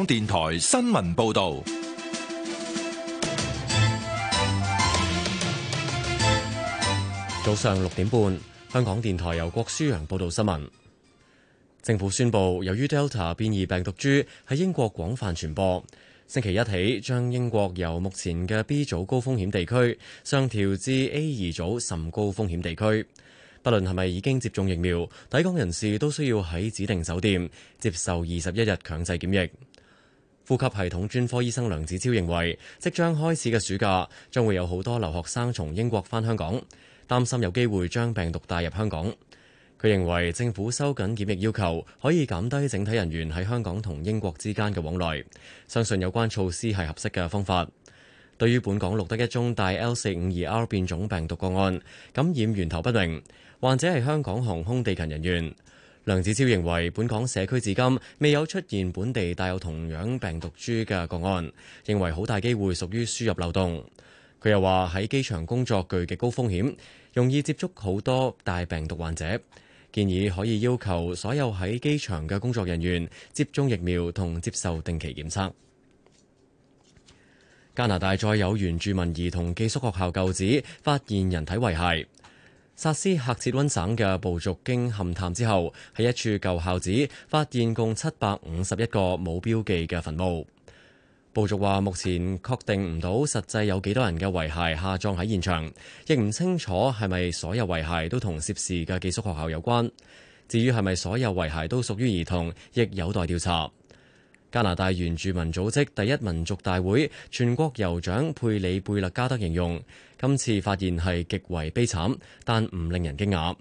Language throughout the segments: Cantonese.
香港電台新聞報道，早上六點半，香港電台由郭書陽報道新聞。政府宣布，由於 Delta 變異病毒株喺英國廣泛傳播，星期一起將英國由目前嘅 B 組高風險地區上調至 A 二組甚高風險地區。不論係咪已經接種疫苗，抵港人士都需要喺指定酒店接受二十一日強制檢疫。呼吸系統專科醫生梁子超認為，即將開始嘅暑假將會有好多留學生從英國返香港，擔心有機會將病毒帶入香港。佢認為政府收緊檢疫要求，可以減低整體人員喺香港同英國之間嘅往來，相信有關措施係合適嘅方法。對於本港錄得一宗帶 L 四五二 R 變種病毒個案，感染源頭不明，患者係香港航空地勤人員。梁子超認為，本港社區至今未有出現本地帶有同樣病毒株嘅個案，認為好大機會屬於輸入漏洞。佢又話：喺機場工作具極高風險，容易接觸好多帶病毒患者，建議可以要求所有喺機場嘅工作人員接種疫苗同接受定期檢測。加拿大再有原住民兒童寄宿學校舊址發現人體遺骸。薩斯喀徹溫省嘅部族經勘探之後，喺一處舊校址發現共七百五十一個冇標記嘅墳墓。部族話目前確定唔到實際有幾多人嘅遺骸下葬喺現場，亦唔清楚係咪所有遺骸都同涉事嘅寄宿學校有關。至於係咪所有遺骸都屬於兒童，亦有待調查。加拿大原住民組織第一民族大會全國酋長佩里·貝勒加德形容，今次發現係極為悲慘，但唔令人驚訝。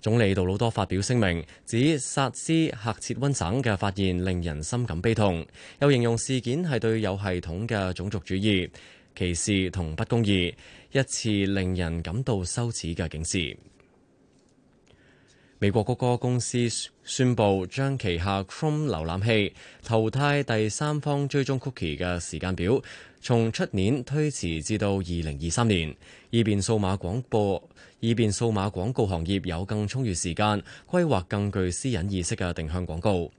總理杜魯多發表聲明，指薩斯喀徹溫省嘅發現令人深感悲痛，又形容事件係對有系統嘅種族主義歧視同不公義，一次令人感到羞恥嘅警示。美國谷歌公司宣布將旗下 Chrome 瀏覽器淘汰第三方追蹤 cookie 嘅時間表。從出年推遲至到二零二三年，以便數碼廣播，以便數碼廣告行業有更充裕時間規劃更具私隱意識嘅定向廣告。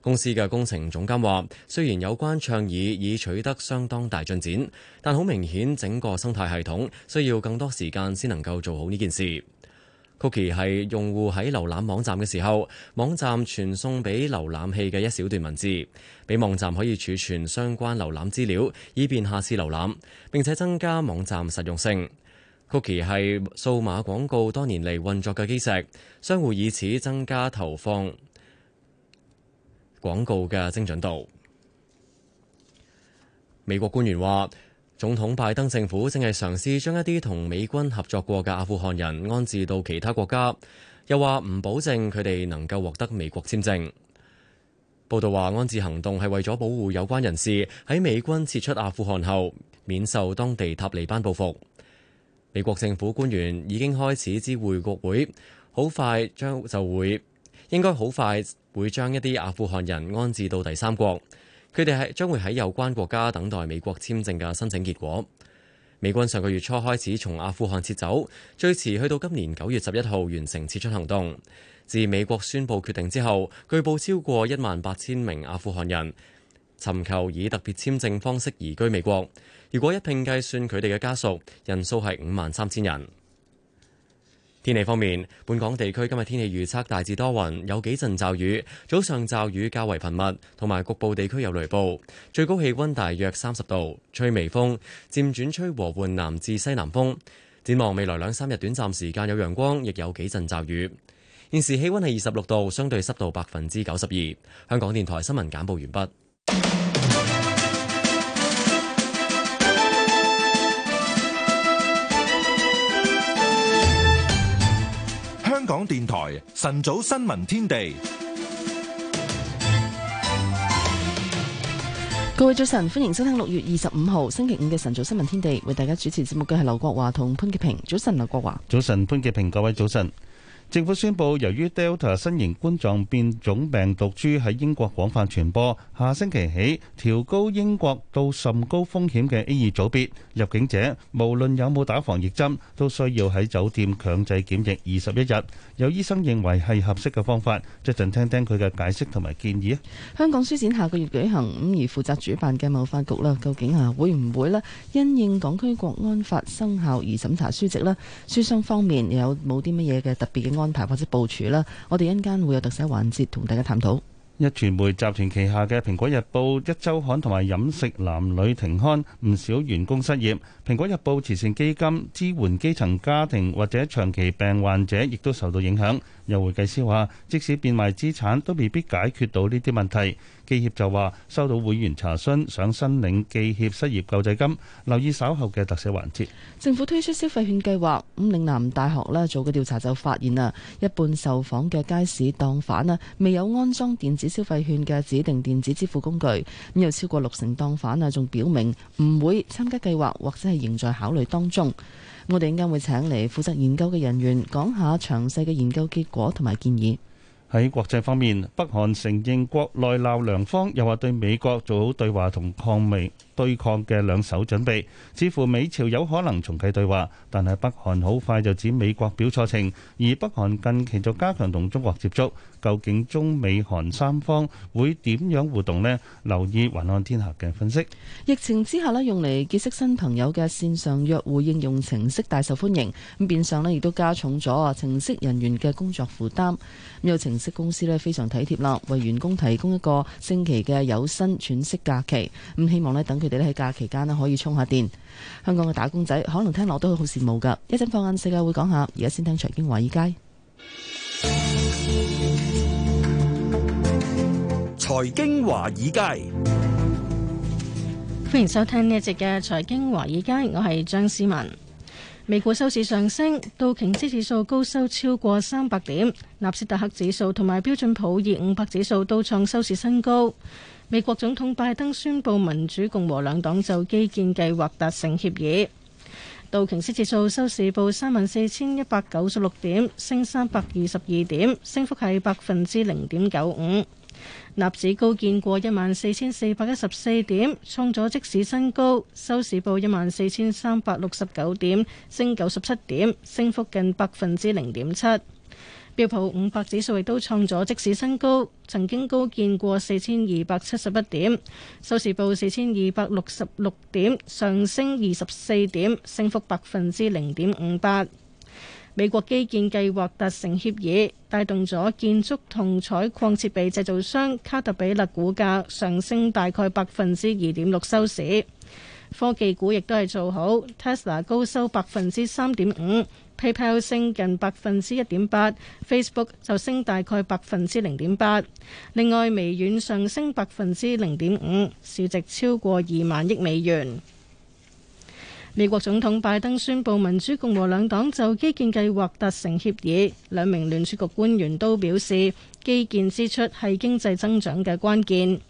公司嘅工程總監話，雖然有關倡議已取得相當大進展，但好明顯整個生態系統需要更多時間先能夠做好呢件事。Cookie 係用戶喺瀏覽網站嘅時候，網站傳送俾瀏覽器嘅一小段文字，俾網站可以儲存相關瀏覽資料，以便下次瀏覽，並且增加網站實用性。Cookie 係數碼廣告多年嚟運作嘅基石，商戶以此增加投放廣告嘅精準度。美國官員話，總統拜登政府正係嘗試將一啲同美軍合作過嘅阿富汗人安置到其他國家，又話唔保證佢哋能夠獲得美國簽證。報道話安置行動係為咗保護有關人士喺美軍撤出阿富汗後免受當地塔利班報復。美國政府官員已經開始知會國會，好快將就會，應該好快會將一啲阿富汗人安置到第三國。佢哋係將會喺有關國家等待美國簽證嘅申請結果。美軍上個月初開始從阿富汗撤走，最遲去到今年九月十一號完成撤出行動。自美國宣布決定之後，據報超過一萬八千名阿富汗人尋求以特別簽證方式移居美國。如果一併計算佢哋嘅家屬，人數係五萬三千人。天氣方面，本港地區今日天氣預測大致多雲，有幾陣驟雨，早上驟雨較為頻密，同埋局部地區有雷暴。最高氣溫大約三十度，吹微風，漸轉吹和緩南至西南風。展望未來兩三日，短暫時間有陽光，亦有幾陣驟雨。現時氣溫係二十六度，相對濕度百分之九十二。香港電台新聞簡報完畢。香港電台晨早新聞天地，各位早晨，歡迎收聽六月二十五號星期五嘅晨早新聞天地，為大家主持節目嘅係劉國華同潘潔平。早晨，劉國華。早晨，潘潔平。各位早晨。政府宣布，由於 Delta 新型冠狀變種病毒株喺英國廣泛傳播，下星期起調高英國到甚高風險嘅 A 二組別入境者，無論有冇打防疫針，都需要喺酒店強制檢疫二十一日。有醫生認為係合適嘅方法，即陣聽聽佢嘅解釋同埋建議啊。香港書展下個月舉行，咁而負責主辦嘅貿發局啦，究竟啊會唔會咧因應港區國安法生效而審查書籍咧？書商方面有冇啲乜嘢嘅特別嘅？安排或者部署啦，我哋一陣間會有特色環節同大家探討。壹傳媒集團旗下嘅蘋果日報壹周刊同埋飲食男女停刊，唔少員工失業。《蘋果日報》慈善基金支援基層家庭或者長期病患者，亦都受到影響。有會計師話，即使變賣資產，都未必解決到呢啲問題。記協就話，收到會員查詢，想申，申領記協失業救濟金，留意稍後嘅特寫環節。政府推出消費券計劃，咁嶺南大學呢做個調查就發現啊，一半受訪嘅街市檔販啊，未有安裝電子消費券嘅指定電子支付工具。咁有超過六成檔販啊，仲表明唔會參加計劃，或者係，仍在考慮當中。我哋陣間會請嚟負責研究嘅人員講下詳細嘅研究結果同埋建議。喺國際方面，北韓承認國內鬧糧荒，又話對美國做好對話同抗美。對抗嘅兩手準備，似乎美朝有可能重啟對話，但係北韓好快就指美國表錯情，而北韓近期就加強同中國接觸，究竟中美韓三方會點樣互動呢？留意雲看天下嘅分析。疫情之下呢，用嚟結識新朋友嘅線上約會應用程式大受歡迎，咁變相呢亦都加重咗程式人員嘅工作負擔。咁有程式公司呢非常體貼啦，為員工提供一個星期嘅有薪喘息假期，咁希望呢等佢。佢哋喺假期間咧可以充下電。香港嘅打工仔可能聽落都好羨慕噶。一陣放眼世界會講下，而家先聽財經華爾街。財經華爾街，財經華爾街。歡迎收聽呢一節嘅財經華爾街。我係張思文。美股收市上升，道瓊斯指數高收超過三百點，納斯達克指數同埋標準普爾五百指數都創收市新高。美國總統拜登宣布民主共和兩黨就基建計劃達成協議。道瓊斯指數收市報三萬四千一百九十六點，升三百二十二點，升幅係百分之零點九五。納指高見過一萬四千四百一十四點，創咗即時新高，收市報一萬四千三百六十九點，升九十七點，升幅近百分之零點七。標普五百指數亦都創咗即時新高，曾經高見過四千二百七十一點，收市報四千二百六十六點，上升二十四點，升幅百分之零點五八。美國基建計劃達成協議，帶動咗建築同採礦設備製造商卡特彼勒股價上升大概百分之二點六，收市。科技股亦都係做好，Tesla 高收百分之三點五。PayPal 升近百分之一點八，Facebook 就升大概百分之零點八。另外，微軟上升百分之零點五，市值超過二萬億美元。美國總統拜登宣佈民主共和兩黨就基建計劃達成協議，兩名聯儲局官員都表示基建支出係經濟增長嘅關鍵。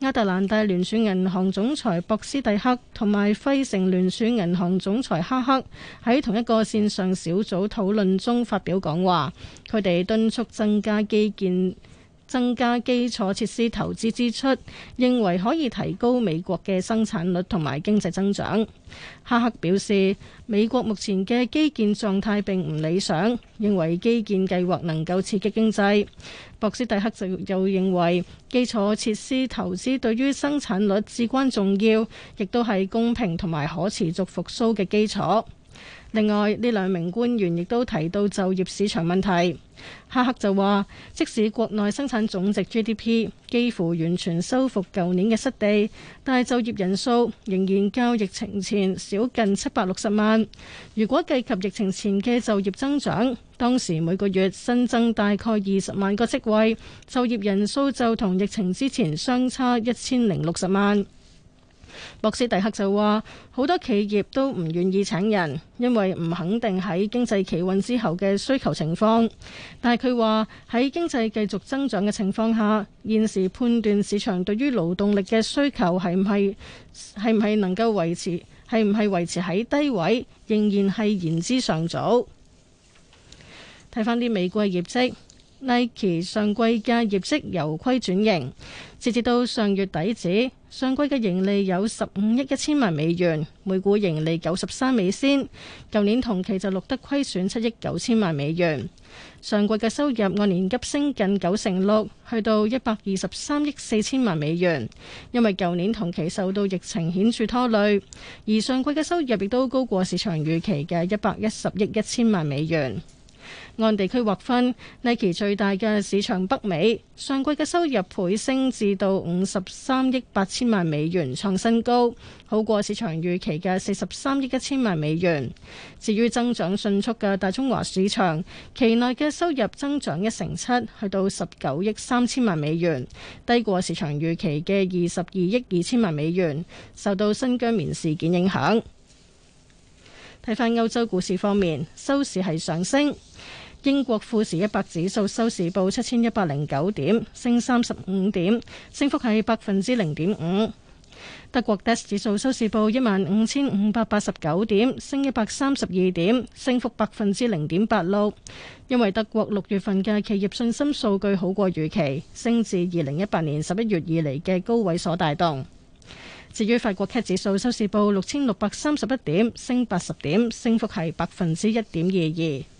亞特蘭大聯儲銀行總裁博斯蒂克同埋費城聯儲銀行總裁哈克喺同一個線上小組討論中發表講話，佢哋敦促增加基建。增加基礎設施投資支出，認為可以提高美國嘅生產率同埋經濟增長。哈克表示，美國目前嘅基建狀態並唔理想，認為基建計劃能夠刺激經濟。博斯蒂克就又認為基礎設施投資對於生產率至關重要，亦都係公平同埋可持續復蘇嘅基礎。另外，呢兩名官員亦都提到就業市場問題，哈克就話即使國內生產總值 GDP 幾乎完全收復舊年嘅失地，但係就業人數仍然較疫情前少近七百六十萬，如果計及疫情前嘅就業增長，當時每個月新增大概二十萬個職位，就業人數就同疫情之前相差一千零六十萬。博斯蒂克就話：好多企業都唔願意請人，因為唔肯定喺經濟企穩之後嘅需求情況。但係佢話喺經濟繼續增長嘅情況下，現時判斷市場對於勞動力嘅需求係唔係係唔係能夠維持，係唔係維持喺低位，仍然係言之尚早。睇翻啲美國業績，Nike 上季嘅業績由虧轉盈。截至到上月底止，上季嘅盈利有十五億一千萬美元，每股盈利九十三美仙。舊年同期就錄得虧損七億九千萬美元。上季嘅收入按年急升近九成六，去到一百二十三億四千萬美元，因為舊年同期受到疫情顯著拖累，而上季嘅收入亦都高過市場預期嘅一百一十億一千萬美元。按地區劃分，Nike 最大嘅市場北美，上季嘅收入倍升至到五十三億八千萬美元，創新高，好過市場預期嘅四十三億一千萬美元。至於增長迅速嘅大中華市場，期內嘅收入增長一成七，去到十九億三千萬美元，低過市場預期嘅二十二億二千萬美元，受到新疆棉事件影響。睇返歐洲股市方面，收市係上升。英國富時一百指數收市報七千一百零九點，升三十五點，升幅係百分之零點五。德國 DAX 指數收市報一萬五千五百八十九點，升一百三十二點，升幅百分之零點八六。因為德國六月份嘅企業信心數據好過預期，升至二零一八年十一月以嚟嘅高位所帶動。至於法國 CAC 指數收市報六千六百三十一點，升八十點，升幅係百分之一點二二。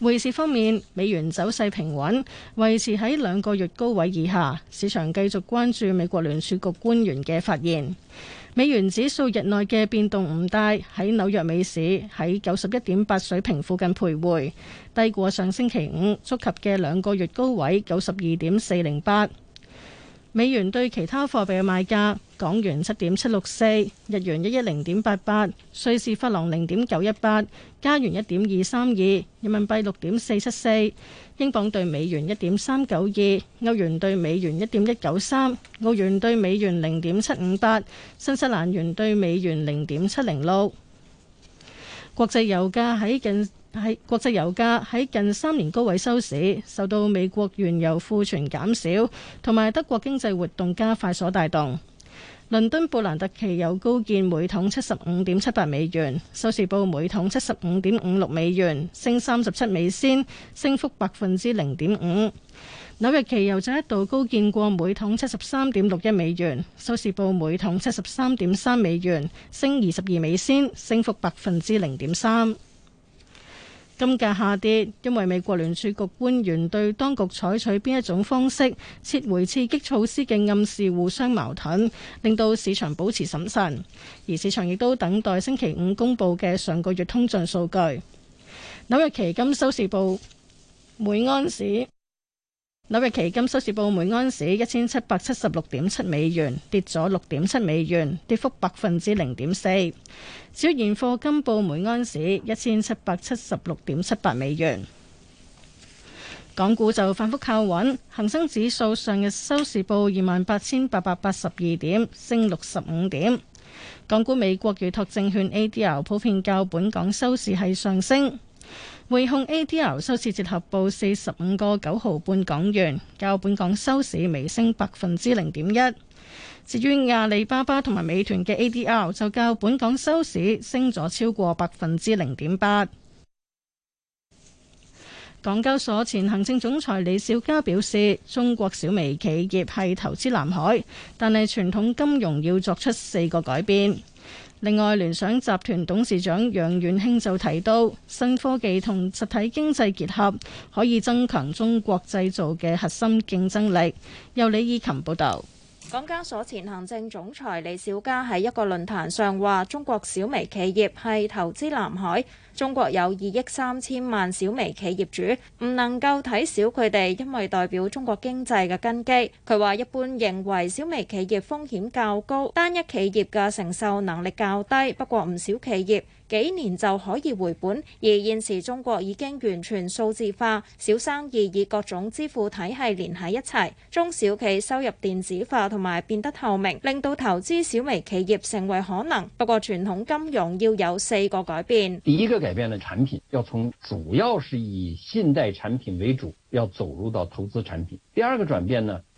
匯市方面，美元走勢平穩，維持喺兩個月高位以下。市場繼續關注美國聯儲局官員嘅發言。美元指數日內嘅變動唔大，喺紐約美市，喺九十一點八水平附近徘徊，低過上星期五觸及嘅兩個月高位九十二點四零八。美元對其他貨幣嘅買價：港元七點七六四，日元一一零點八八，瑞士法郎零點九一八，加元一點二三二，人民幣六點四七四，英鎊對美元一點三九二，歐元對美元一點一九三，澳元對美元零點七五八，新西蘭元對美元零點七零六。國際油價喺近喺國際油價喺近三年高位收市，受到美國原油庫存減少同埋德國經濟活動加快所帶動。倫敦布蘭特期油高見每桶七十五點七八美元，收市報每桶七十五點五六美元，升三十七美仙，升幅百分之零點五。紐約期油就一度高見過每桶七十三點六一美元，收市報每桶七十三點三美元，升二十二美仙，升幅百分之零點三。金價下跌，因為美國聯儲局官員對當局採取邊一種方式撤回刺激措施嘅暗示互相矛盾，令到市場保持審慎。而市場亦都等待星期五公佈嘅上個月通脹數據。紐約期金收市報每安士。紐約期金收市報每安士一千七百七十六點七美元，跌咗六點七美元，跌幅百分之零點四。至於現貨金報每安士一千七百七十六點七八美元。港股就反覆靠穩，恒生指數上日收市報二萬八千八百八十二點，升六十五點。港股美國預託證券 ADR 普遍較本港收市係上升。匯控 ADR 收市折合報四十五個九毫半港元，較本港收市微升百分之零點一。至於阿里巴巴同埋美團嘅 ADR 就較本港收市升咗超過百分之零點八。港交所前行政總裁李小加表示，中國小微企業係投資南海，但係傳統金融要作出四個改變。另外，聯想集團董事長楊元慶就提到，新科技同實體經濟結合可以增強中國製造嘅核心競爭力。由李以琴報道。港交所前行政總裁李小加喺一個論壇上話，中國小微企業係投資南海，中國有二億三千萬小微企業主，唔能夠睇小佢哋，因為代表中國經濟嘅根基。佢話一般認為小微企業風險較高，單一企業嘅承受能力較低，不過唔少企業。幾年就可以回本，而現時中國已經完全數字化，小生意以各種支付體系連喺一齊，中小企收入電子化同埋變得透明，令到投資小微企業成為可能。不過傳統金融要有四個改變，第一個改變嘅產品要從，主要是以信貸產品為主，要走入到投資產品；第二個轉變呢。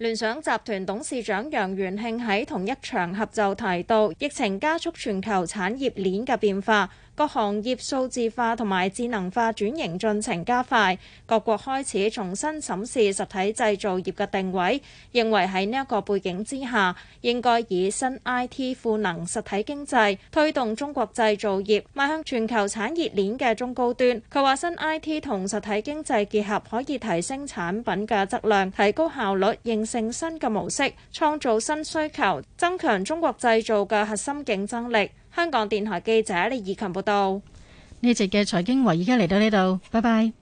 聯想集團董事長楊元慶喺同一場合就提到，疫情加速全球產業鏈嘅變化。各行業數字化同埋智能化轉型進程加快，各國開始重新審視實體製造業嘅定位，認為喺呢一個背景之下，應該以新 IT 賦能實體經濟推動中國製造業邁向全球產業鏈嘅中高端。佢話新 IT 同實體經濟結合，可以提升產品嘅質量，提高效率，形成新嘅模式，創造新需求，增強中國製造嘅核心競爭力。香港電台記者李怡勤報道，呢集嘅財經話而家嚟到呢度，拜拜。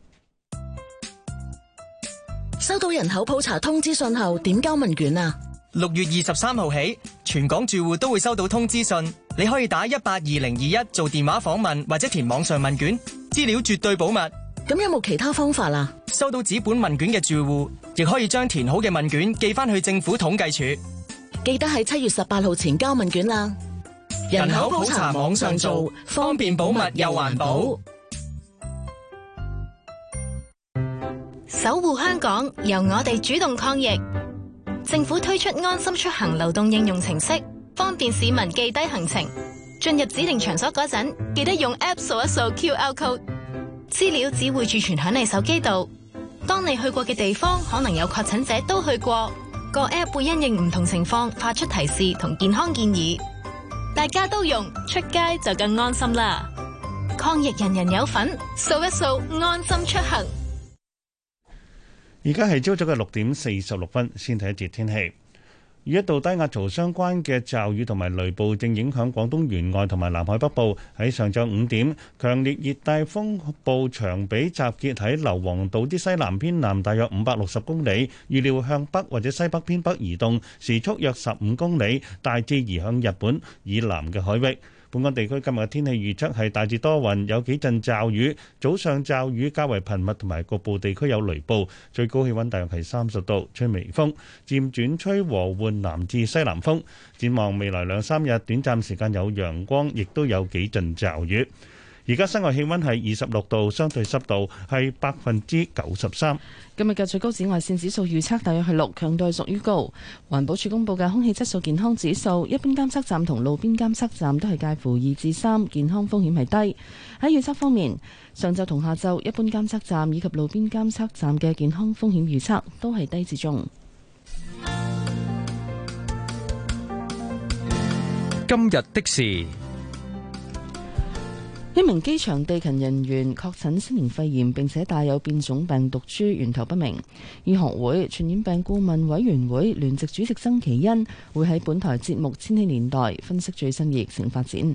收到人口普查通知信後，點交問卷啊？六月二十三號起，全港住戶都會收到通知信，你可以打一八二零二一做電話訪問，或者填網上問卷，資料絕對保密。咁有冇其他方法啊？收到紙本問卷嘅住戶，亦可以將填好嘅問卷寄翻去政府統計處，記得喺七月十八號前交問卷啦。人口普查網上做，方便保密又環保。守護香港，由我哋主動抗疫。政府推出安心出行流動應用程式，方便市民記低行程。進入指定場所嗰陣，記得用 App 掃一掃 QR code。資料只會儲存響你手機度。當你去過嘅地方可能有確診者都去過，各 App 會因應唔同情況發出提示同健康建議。大家都用，出街就更安心啦！抗疫人人有份，掃一掃安心出行。而家係朝早嘅六點四十六分，先睇一節天氣。與一道低壓槽相關嘅驟雨同埋雷暴正影響廣東沿岸同埋南海北部。喺上晝五點，強烈熱帶風暴長比集結喺硫磺島之西南偏南大約五百六十公里，預料向北或者西北偏北移動，時速約十五公里，大致移向日本以南嘅海域。本港地區今日嘅天氣預測係大致多雲，有幾陣驟雨，早上驟雨較為頻密，同埋局部地區有雷暴。最高氣温大約係三十度，吹微風，漸轉吹和緩南至西南風。展望未來兩三日，短暫時間有陽光，亦都有幾陣驟雨。而家室外氣溫係二十六度，相對濕度係百分之九十三。今日嘅最高紫外線指數預測大約係六，強度係屬於高。環保署公布嘅空氣質素健康指數，一般監測站同路邊監測站都係介乎二至三，健康風險係低。喺預測方面，上晝同下晝一般監測站以及路邊監測站嘅健康風險預測都係低至中。今日的事。呢名機場地勤人員確診新型肺炎，並且帶有變種病毒株，源頭不明。醫學會傳染病顧問委員會聯席主席曾其恩會喺本台節目《千禧年代》分析最新疫情發展。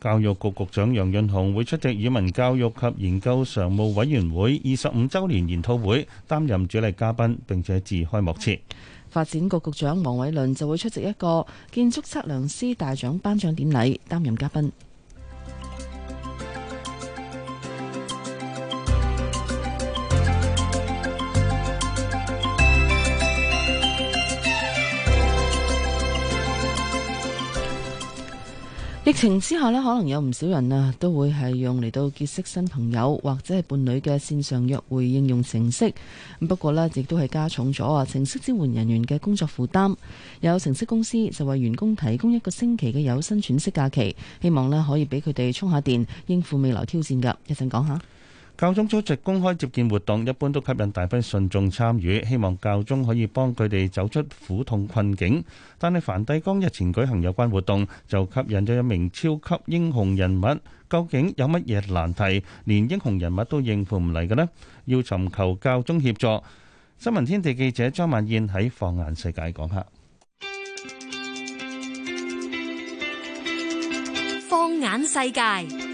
教育局局長楊潤雄會出席語文教育及研究常務委員會二十五周年研討會，擔任主禮嘉賓，並且致開幕詞。發展局局長黃偉綸就會出席一個建築測量師大獎頒獎典禮，擔任嘉賓。疫情之下呢，可能有唔少人啊都會係用嚟到結識新朋友或者係伴侶嘅線上約會應用程式。咁不過呢，亦都係加重咗啊，程式支援人員嘅工作負擔。有程式公司就為員工提供一個星期嘅有薪喘息假期，希望呢可以俾佢哋充下電，應付未來挑戰㗎。一陣講下。教宗出席公開接見活動，一般都吸引大批信眾參與，希望教宗可以幫佢哋走出苦痛困境。但係梵蒂岡日前舉行有關活動，就吸引咗一名超級英雄人物。究竟有乜嘢難題，連英雄人物都應付唔嚟嘅呢？要尋求教宗協助。新聞天地記者張曼燕喺放眼世界講下。放眼世界。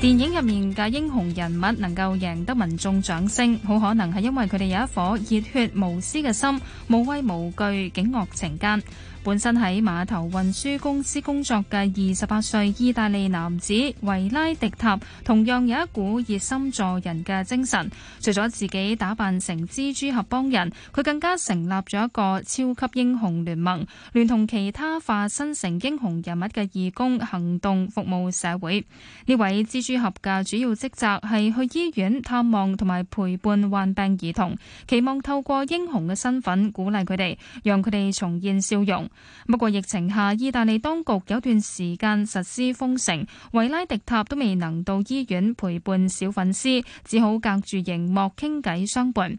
電影入面嘅英雄人物能夠贏得民眾掌聲，好可能係因為佢哋有一顆熱血無私嘅心，無畏無懼，警惡懲奸。本身喺碼頭運輸公司工作嘅二十八歲意大利男子維拉迪塔，同樣有一股熱心助人嘅精神。除咗自己打扮成蜘蛛俠幫人，佢更加成立咗一個超級英雄聯盟，聯同其他化身成英雄人物嘅義工行動服務社會。呢位蜘蛛俠嘅主要職責係去醫院探望同埋陪伴患病兒童，期望透過英雄嘅身份鼓勵佢哋，讓佢哋重現笑容。不過疫情下，意大利當局有段時間實施封城，維拉迪塔都未能到醫院陪伴小粉絲，只好隔住熒幕傾偈相伴。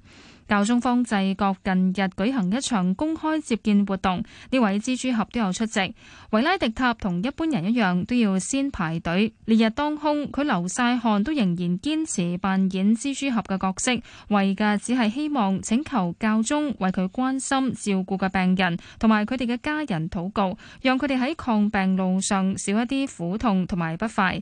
教宗方濟各近日舉行一場公開接見活動，呢位蜘蛛俠都有出席。維拉迪塔同一般人一樣，都要先排隊。烈日當空，佢流晒汗，都仍然堅持扮演蜘蛛俠嘅角色，為嘅只係希望請求教宗為佢關心照顧嘅病人同埋佢哋嘅家人禱告，讓佢哋喺抗病路上少一啲苦痛同埋不快。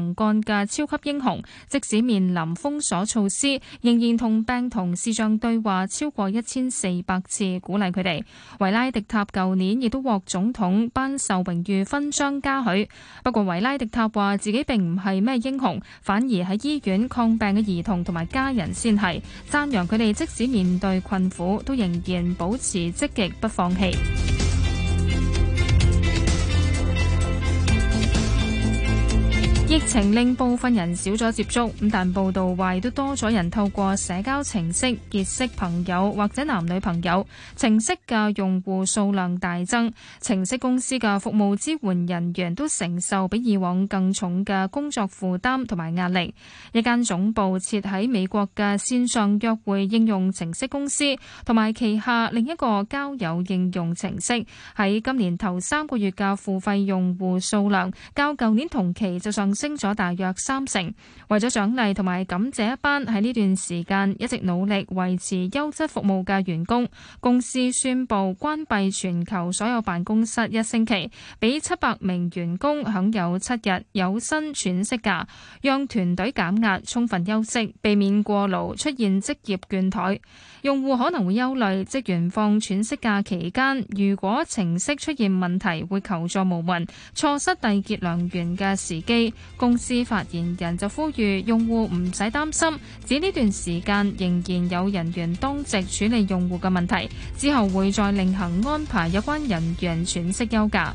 同乾嘅超級英雄，即使面臨封鎖措施，仍然同病童視像對話超過一千四百次，鼓勵佢哋。維拉迪塔舊年亦都獲總統頒授榮譽勳章嘉許。不過維拉迪塔話自己並唔係咩英雄，反而喺醫院抗病嘅兒童同埋家人先係讚揚佢哋，即使面對困苦都仍然保持積極不放棄。疫情令部分人少咗接觸，咁但報道話都多咗人透過社交程式結識朋友或者男女朋友。程式嘅用戶數量大增，程式公司嘅服務支援人員都承受比以往更重嘅工作負擔同埋壓力。一間總部設喺美國嘅線上約會應用程式公司同埋旗下另一個交友應用程式喺今年頭三個月嘅付費用戶數量，較舊年同期就上升。升咗大約三成，為咗獎勵同埋感謝一班喺呢段時間一直努力維持優質服務嘅員工，公司宣布關閉全球所有辦公室一星期，俾七百名員工享有七日有薪喘息假，讓團隊減壓，充分休息，避免過勞出現職業倦怠。用戶可能會憂慮，職員放喘息假期間，如果程式出現問題，會求助無門，錯失締結良緣嘅時機。公司發言人就呼籲用戶唔使擔心，指呢段時間仍然有人員當值處理用戶嘅問題，之後會再另行安排有關人員喘息休假。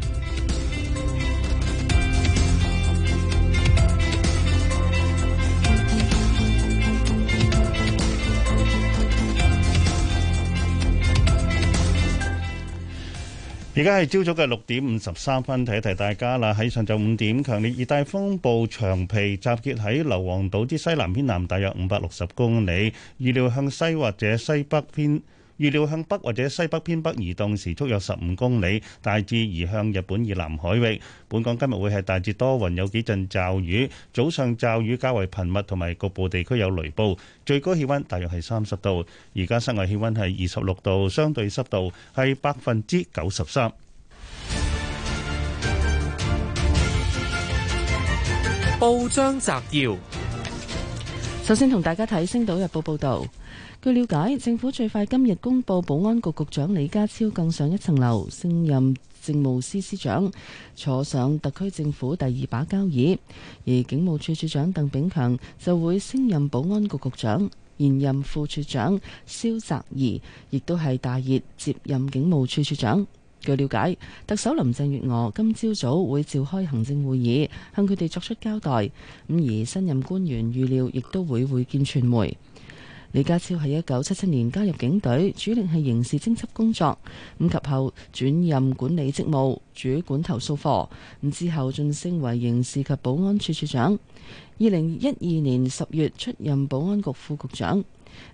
而家係朝早嘅六點五十三分，提一提大家啦。喺上晝五點，強烈熱帶風暴長皮集結喺硫磺島之西南偏南，大約五百六十公里，預料向西或者西北偏。預料向北或者西北偏北移動，時速約十五公里，大致移向日本以南海域。本港今日會係大致多雲，有幾陣驟雨，早上驟雨較為頻密，同埋局部地區有雷暴。最高氣温大約係三十度，而家室外氣温係二十六度，相對濕度係百分之九十三。報章摘要，首先同大家睇《星島日報》報道。據了解，政府最快今日公布保安局局長李家超更上一層樓，升任政務司司長，坐上特區政府第二把交椅；而警務處處長鄧炳強就會升任保安局局長，現任副處長蕭澤頤亦都係大熱接任警務處處長。據了解，特首林鄭月娥今朝早會召開行政會議，向佢哋作出交代。咁而新任官員預料亦都會會見傳媒。李家超喺一九七七年加入警隊，主力係刑事偵緝工作，咁及後轉任管理職務，主管投訴課，咁之後晉升為刑事及保安處處長，二零一二年十月出任保安局副局長。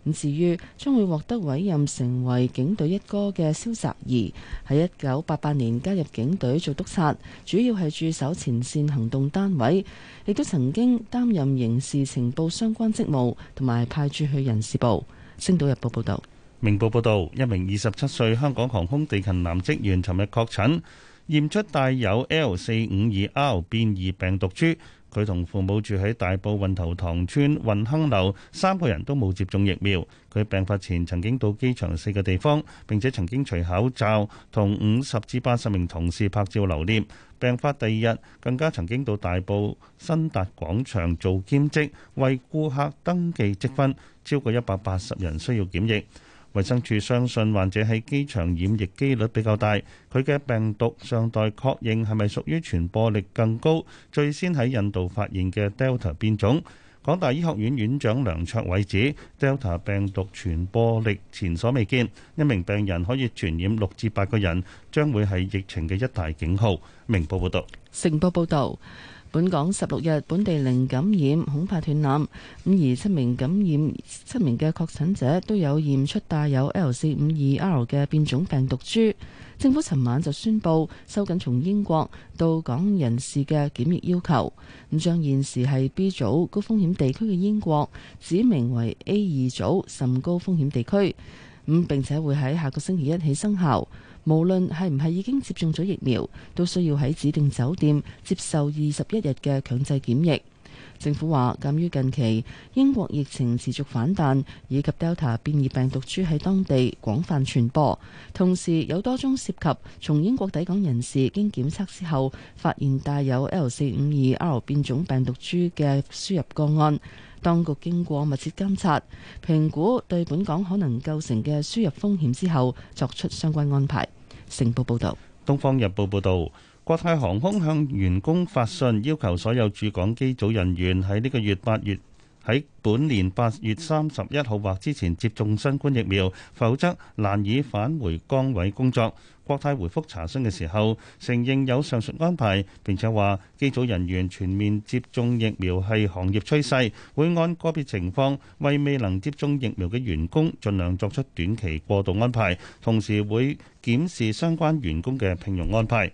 咁至於將會獲得委任成為警隊一哥嘅蕭澤頤，喺一九八八年加入警隊做督察，主要係駐守前線行動單位，亦都曾經擔任刑事情報相關職務，同埋派駐去人事部。星島日報報道：「明報報道，一名二十七歲香港航空地勤男職員尋日確診，驗出帶有 L 四五二 R 變異病毒株。佢同父母住喺大埔運頭塘村運亨樓，三個人都冇接種疫苗。佢病發前曾經到機場四個地方，並且曾經除口罩同五十至八十名同事拍照留念。病發第二日，更加曾經到大埔新達廣場做兼職，為顧客登記積分。超過一百八十人需要檢疫。衛生署相信患者喺機場染疫機率比較大，佢嘅病毒尚待確認係咪屬於傳播力更高、最先喺印度發現嘅 Delta 變種。港大醫學院院長梁卓偉指，Delta 病毒傳播力前所未見，一名病人可以傳染六至八個人，將會係疫情嘅一大警號。明報報道，成報報道。本港十六日本地零感染恐怕斷纜，咁而七名感染七名嘅確診者都有驗出帶有 L 四五二 R 嘅變種病毒株。政府尋晚就宣布收緊從英國到港人士嘅檢疫要求，咁將現時係 B 組高風險地區嘅英國指明為 A 二組甚高風險地區，咁並且會喺下個星期一起生效。無論係唔係已經接種咗疫苗，都需要喺指定酒店接受二十一日嘅強制檢疫。政府話，鑒於近期英國疫情持續反彈，以及 Delta 變異病毒株喺當地廣泛傳播，同時有多宗涉及從英國抵港人士經檢測之後發現帶有 L 四五二 R 變種病毒株嘅輸入個案。當局經過密切監察、評估對本港可能構成嘅輸入風險之後，作出相關安排。成報報導，《東方日報》報導，國泰航空向員工發信，要求所有駐港機組人員喺呢個月八月喺本年八月三十一號或之前接種新冠疫苗，否則難以返回崗位工作。國泰回覆查詢嘅時候，承認有上述安排，並且話機組人員全面接種疫苗係行業趨勢，會按個別情況為未能接種疫苗嘅員工盡量作出短期過渡安排，同時會檢視相關員工嘅聘用安排。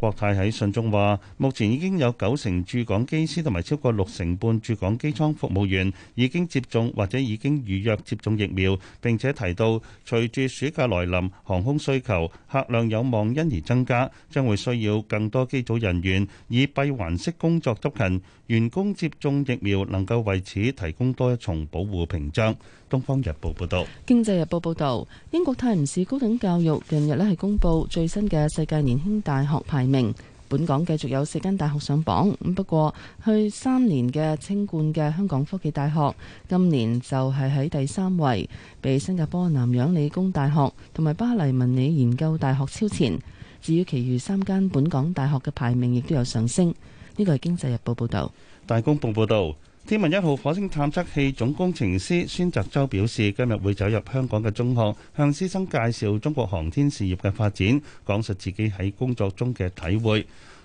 國泰喺信中話：目前已經有九成駐港機師同埋超過六成半駐港機艙服務員已經接種或者已經預約接種疫苗。並且提到，隨住暑假來臨，航空需求客量有望因而增加，將會需要更多機組人員以閉環式工作執勤。員工接種疫苗能夠為此提供多一重保護屏障。《東方日報》報導，《經濟日報》報導，英國泰晤士高等教育近日呢係公布最新嘅世界年輕大學排名。名本港繼續有四間大學上榜，不過去三年嘅清冠嘅香港科技大學今年就係喺第三位，被新加坡南洋理工大學同埋巴黎文理研究大學超前。至於其餘三間本港大學嘅排名亦都有上升。呢個係《經濟日報》報道。《大公報》報道。天問一號火星探測器總工程師孫澤洲表示，今日會走入香港嘅中學，向師生介紹中國航天事業嘅發展，講述自己喺工作中嘅體會。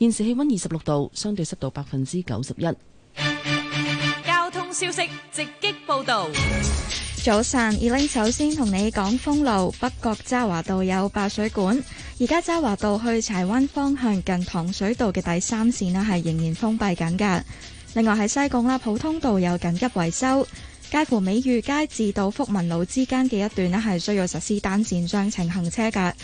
現時氣溫二十六度，相對濕度百分之九十一。交通消息直擊報道，早晨，Eling 首先同你講封路，北角渣華道有爆水管，而家渣華道去柴灣方向近糖水道嘅第三綫咧係仍然封閉緊噶。另外喺西貢啦，普通道有緊急維修，介乎美裕街至到福民路之間嘅一段咧係需要實施單綫雙程行車噶。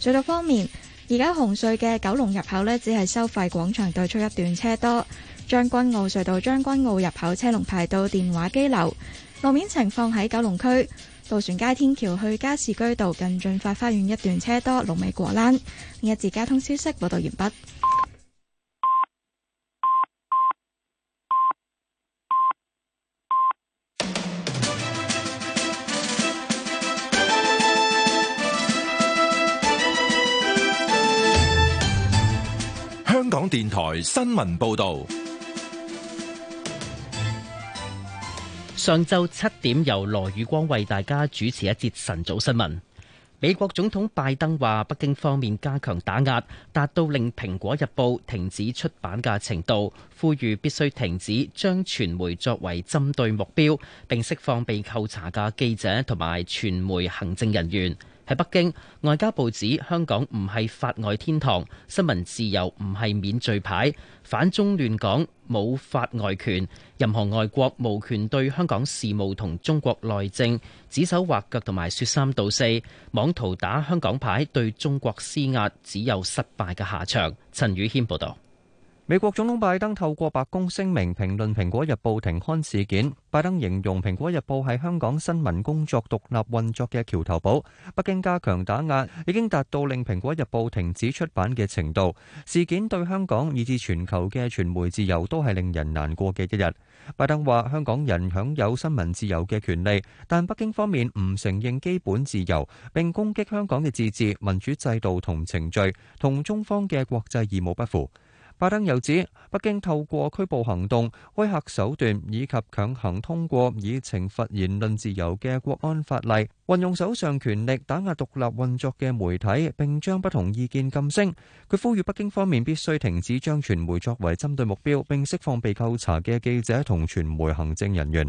隧道方面。而家紅隧嘅九龍入口呢，只係收費廣場對出一段車多；將軍澳隧道將軍澳入口車龍排到電話機樓。路面情況喺九龍區渡船街天橋去加士居道近駿發花園一段車多，龍尾過欄。一節交通消息報道完畢。香港電台新聞報道：上晝七點，由羅宇光為大家主持一節晨早新聞。美國總統拜登話，北京方面加強打壓，達到令《蘋果日報》停止出版嘅程度，呼籲必須停止將傳媒作為針對目標，並釋放被扣查嘅記者同埋傳媒行政人員。喺北京，外交部指香港唔係法外天堂，新聞自由唔係免罪牌，反中亂港冇法外權，任何外國無權對香港事務同中國內政指手畫腳同埋說三道四，妄圖打香港牌對中國施壓只有失敗嘅下場，陳宇謙報道。美國總統拜登透過白宮聲明評論《蘋果日報》停刊事件。拜登形容《蘋果日報》係香港新聞工作獨立運作嘅橋頭堡。北京加強打壓已經達到令《蘋果日報》停止出版嘅程度。事件對香港以至全球嘅傳媒自由都係令人難過嘅一日。拜登話香港人享有新聞自由嘅權利，但北京方面唔承認基本自由，並攻擊香港嘅自治、民主制度同程序，同中方嘅國際義務不符。拜登又指，北京透過拘捕行動、威嚇手段以及強行通過以懲罰言論自由嘅國安法例，運用手上權力打壓獨立運作嘅媒體，並將不同意見噤聲。佢呼籲北京方面必須停止將傳媒作為針對目標，並釋放被扣查嘅記者同傳媒行政人員。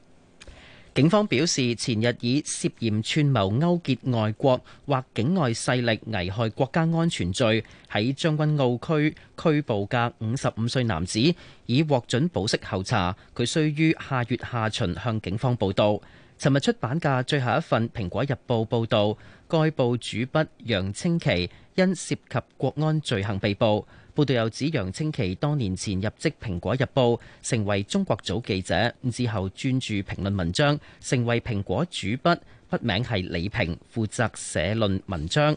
警方表示，前日以涉嫌串謀勾結外國或境外勢力危害國家安全罪，喺將軍澳區拘捕嘅五十五歲男子，已獲准保釋候查，佢須於下月下旬向警方報到。尋日出版嘅最後一份《蘋果日報》報道，該報主筆楊清奇因涉及國安罪行被捕。報道又指楊清奇多年前入職蘋果日報，成為中國組記者，之後專注評論文章，成為蘋果主筆，筆名係李平，負責社論文章。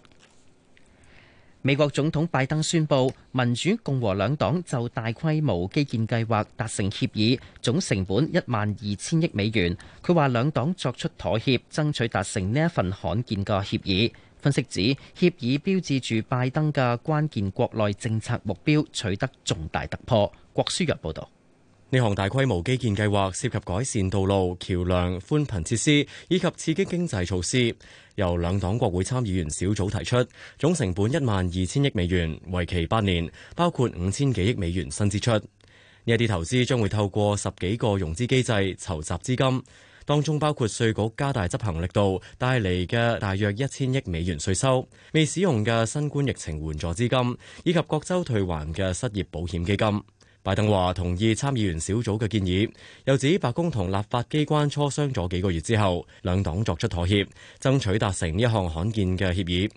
美國總統拜登宣布，民主共和兩黨就大規模基建計劃達成協議，總成本一萬二千億美元。佢話兩黨作出妥協，爭取達成呢一份罕見嘅協議。分析指協議標誌住拜登嘅關鍵國內政策目標取得重大突破。郭書玉報道，呢項大規模基建計劃涉及改善道路、橋梁、寬頻設施以及刺激經濟措施，由兩黨國會參議員小組提出，總成本一萬二千億美元，為期八年，包括五千幾億美元新支出。呢一啲投資將會透過十幾個融資機制籌集資金。當中包括稅局加大執行力度帶嚟嘅大約一千億美元稅收、未使用嘅新冠疫情援助資金，以及各州退還嘅失業保險基金。拜登話同意參議員小組嘅建議，又指白宮同立法機關磋商咗幾個月之後，兩黨作出妥協，爭取達成呢項罕見嘅協議。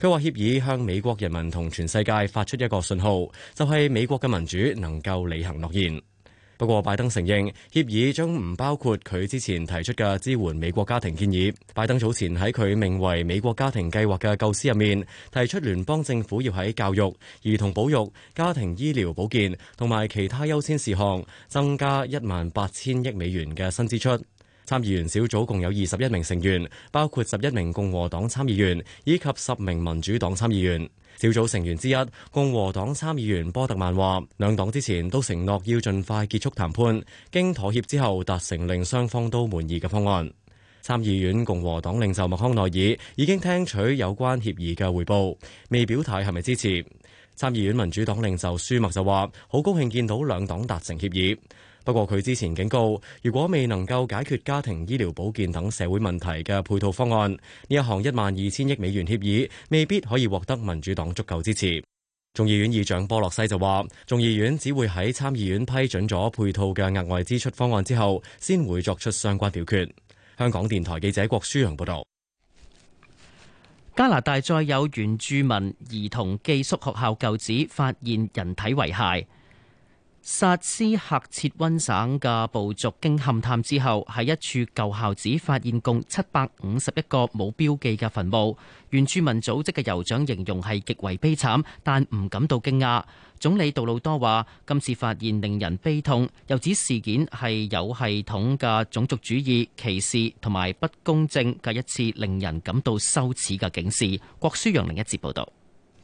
佢話協議向美國人民同全世界發出一個信號，就係美國嘅民主能夠履行諾言。不過，拜登承認協議將唔包括佢之前提出嘅支援美國家庭建議。拜登早前喺佢名為美國家庭計劃嘅構思入面，提出聯邦政府要喺教育、兒童保育、家庭醫療保健同埋其他優先事項增加一萬八千億美元嘅新支出。參議員小組共有二十一名成員，包括十一名共和黨參議員以及十名民主黨參議員。小組成員之一共和黨參議員波特曼話：兩黨之前都承諾要盡快結束談判，經妥協之後達成令雙方都滿意嘅方案。參議院共和黨領袖麥康奈爾已經聽取有關協議嘅回報，未表態係咪支持。參議院民主黨領袖舒默就話：好高興見到兩黨達成協議。不過，佢之前警告，如果未能夠解決家庭醫療保健等社會問題嘅配套方案，呢一項一萬二千億美元協議未必可以獲得民主黨足夠支持。眾議院議長波洛西就話，眾議院只會喺參議院批准咗配套嘅額外支出方案之後，先會作出相關表決。香港電台記者郭舒揚報道，加拿大再有原住民兒童寄宿學校舊址發現人體遺骸。薩斯喀徹溫省嘅部族經勘探之後，喺一處舊校址發現共七百五十一個冇標記嘅墳墓。原住民組織嘅酋長形容係極為悲慘，但唔感到驚訝。總理杜魯多話：今次發現令人悲痛，又指事件係有系統嘅種族主義、歧視同埋不公正嘅一次令人感到羞恥嘅警示。郭書陽另一節報道。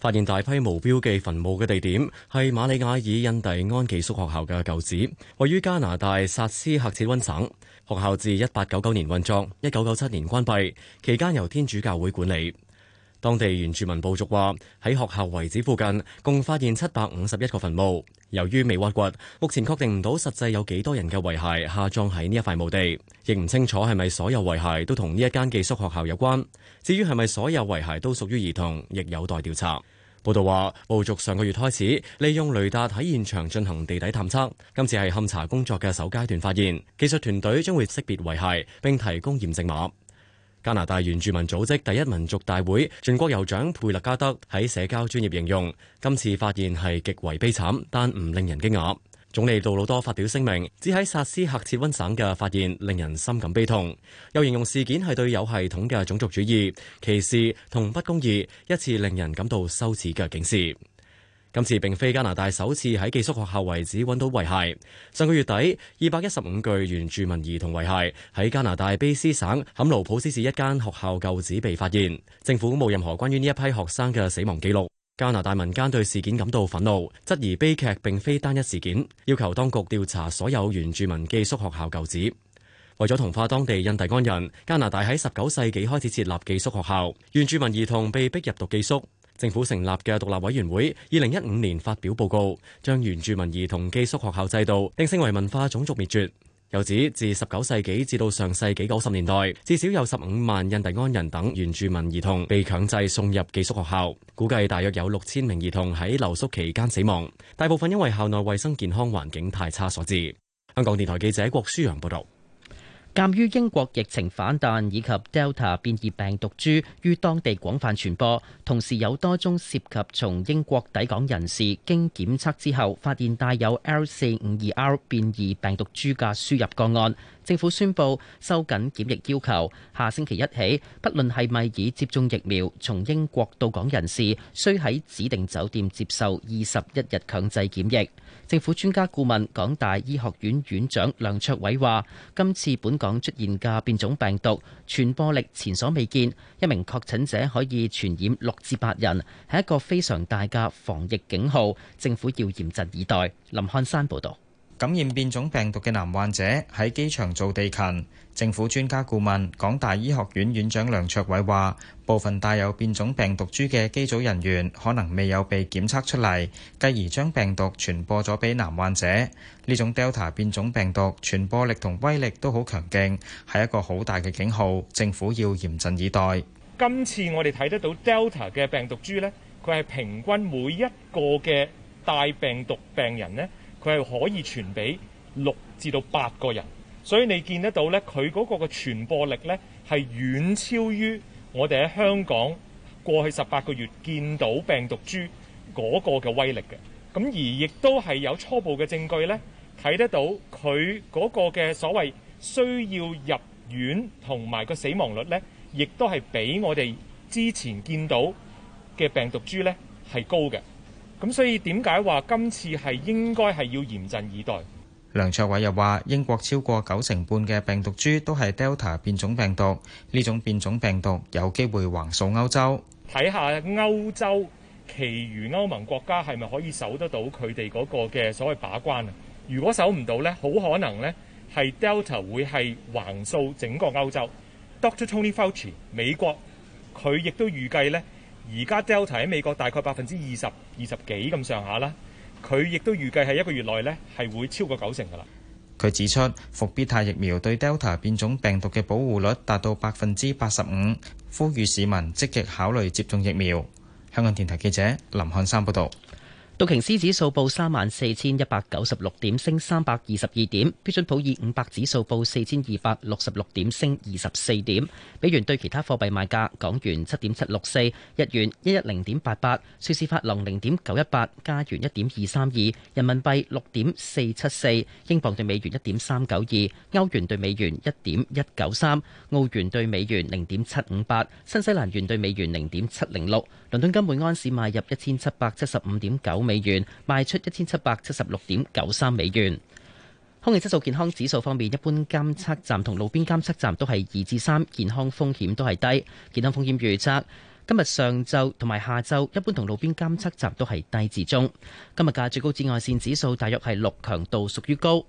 發現大批無標記墳墓嘅地點係馬里亞爾印第安寄宿學校嘅舊址，位於加拿大薩斯喀徹溫省。學校自一八九九年運作，一九九七年關閉，期間由天主教會管理。當地原住民部族話喺學校遺址附近共發現七百五十一個墳墓，由於未挖掘，目前確定唔到實際有幾多人嘅遺骸下葬喺呢一塊墓地，亦唔清楚係咪所有遺骸都同呢一間寄宿學校有關。至於係咪所有遺骸都屬於兒童，亦有待調查。報道話，部族上個月開始，利用雷達喺現場進行地底探測，今次係勘查工作嘅首階段發現。技術團隊將會識別遺骸，並提供驗證碼。加拿大原住民組織第一民族大會全國酋長佩勒加德喺社交專業形容，今次發現係極為悲慘，但唔令人驚訝。總理杜魯多發表聲明，指喺薩斯喀徹溫省嘅發現令人心感悲痛，又形容事件係對有系統嘅種族主義歧視同不公義一次令人感到羞恥嘅警示。今次並非加拿大首次喺寄宿學校遺址揾到遺骸。上個月底，二百一十五具原住民兒童遺骸喺加拿大卑斯省坎盧普斯市一間學校舊址被發現，政府冇任何關於呢一批學生嘅死亡記錄。加拿大民間對事件感到憤怒，質疑悲劇並非單一事件，要求當局調查所有原住民寄宿學校舊址。為咗同化當地印第安人，加拿大喺十九世紀開始設立寄宿學校，原住民兒童被迫入讀寄宿。政府成立嘅獨立委員會，二零一五年發表報告，將原住民兒童寄宿學校制度定性為文化種族滅絕。又指自十九世紀至到上世紀九十年代，至少有十五萬印第安人等原住民兒童被強制送入寄宿學校，估計大約有六千名兒童喺留宿期間死亡，大部分因為校內衞生健康環境太差所致。香港電台記者郭舒揚報道。鑒於英國疫情反彈以及 Delta 變異病毒株於當地廣泛傳播，同時有多宗涉及從英國抵港人士經檢測之後發現帶有 L452R 變異病毒株嘅輸入個案，政府宣布收緊檢疫要求，下星期一起，不論係咪已接種疫苗，從英國到港人士需喺指定酒店接受二十一日強制檢疫。政府專家顧問、港大醫學院院長梁卓偉話：今次本港出現嘅變種病毒傳播力前所未見，一名確診者可以傳染六至八人，係一個非常大嘅防疫警號。政府要嚴陣以待。林漢山報導。感染變種病毒嘅男患者喺機場做地勤。政府專家顧問、港大醫學院院長梁卓偉話：部分帶有變種病毒株嘅機組人員可能未有被檢測出嚟，繼而將病毒傳播咗俾男患者。呢種 Delta 變種病毒傳播力同威力都好強勁，係一個好大嘅警號。政府要嚴陣以待。今次我哋睇得到 Delta 嘅病毒株呢，佢係平均每一個嘅帶病毒病人呢，佢係可以傳俾六至到八個人。所以你見得到咧，佢嗰個嘅傳播力咧係遠超於我哋喺香港過去十八個月見到病毒株嗰個嘅威力嘅。咁而亦都係有初步嘅證據咧，睇得到佢嗰個嘅所謂需要入院同埋個死亡率咧，亦都係比我哋之前見到嘅病毒株咧係高嘅。咁所以點解話今次係應該，係要嚴陣以待？梁卓偉又話：英國超過九成半嘅病毒株都係 Delta 變種病毒，呢種變種病毒有機會橫掃歐洲。睇下歐洲其餘歐盟國家係咪可以守得到佢哋嗰個嘅所謂把關啊？如果守唔到呢，好可能呢係 Delta 會係橫掃整個歐洲。Doctor Tony Fauci，美國佢亦都預計呢，而家 Delta 喺美國大概百分之二十、二十幾咁上下啦。佢亦都預計喺一個月內咧，係會超過九成噶啦。佢指出，伏必泰疫苗對 Delta 變種病毒嘅保護率達到百分之八十五，呼籲市民積極考慮接種疫苗。香港電台記者林漢山報道。道瓊斯指數報三萬四千一百九十六點，升三百二十二點。標準普爾五百指數報四千二百六十六點，升二十四點。美元對其他貨幣賣價：港元七點七六四，日元一一零點八八，瑞士法郎零點九一八，加元一點二三二，人民幣六點四七四，英鎊對美元一點三九二，歐元對美元一點一九三，澳元對美元零點七五八，新西蘭元對美元零點七零六。倫敦金每安士買入一千七百七十五點九美元，賣出一千七百七十六點九三美元。空氣質素健康指數方面，一般監測站同路邊監測站都係二至三，健康風險都係低。健康風險預測今日上晝同埋下晝，一般同路邊監測站都係低至中。今日嘅最高紫外線指數大約係六，強度屬於高。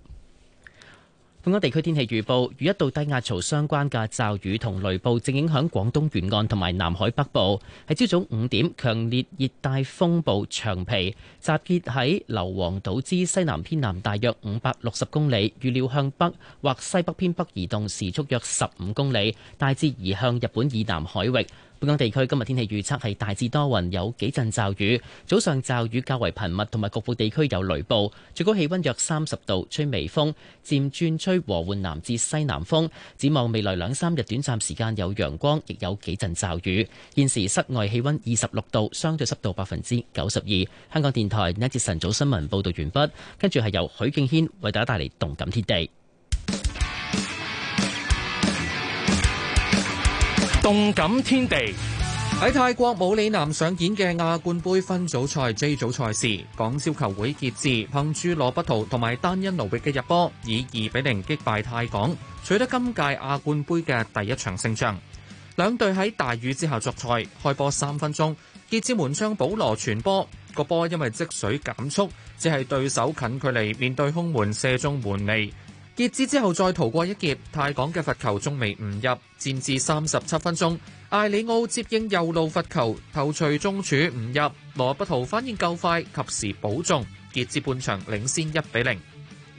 本港地區天氣預報，與一道低壓槽相關嘅驟雨同雷暴正影響廣東沿岸同埋南海北部。喺朝早五點，強烈熱帶風暴長皮集結喺硫磺島之西南偏南大約五百六十公里，預料向北或西北偏北移動，時速約十五公里，大致移向日本以南海域。本港地區今日天氣預測係大致多雲，有幾陣驟雨，早上驟雨較為頻密，同埋局部地區有雷暴，最高氣温約三十度，吹微風，漸轉吹和緩南至西南風。展望未來兩三日，短暫時間有陽光，亦有幾陣驟雨。現時室外氣温二十六度，相對濕度百分之九十二。香港電台呢一節晨早新聞報道完畢，跟住係由許敬軒為大家帶嚟動感天地。動感天地喺泰國武里南上演嘅亞冠盃分組賽 J 組賽事，港超球會傑志憑朱羅不圖同埋丹恩奴域嘅入波，以二比零擊敗泰港，取得今屆亞冠盃嘅第一場勝仗。兩隊喺大雨之下作賽，開波三分鐘，傑志門將保羅傳波，個波因為積水減速，只係對手近距離面對空門射中門楣。傑志之後再逃過一劫，泰港嘅罰球仲未唔入，戰至三十七分鐘，艾里奧接應右路罰球頭槌中柱唔入，羅伯圖反應夠快，及時補中，傑志半場領先一比零。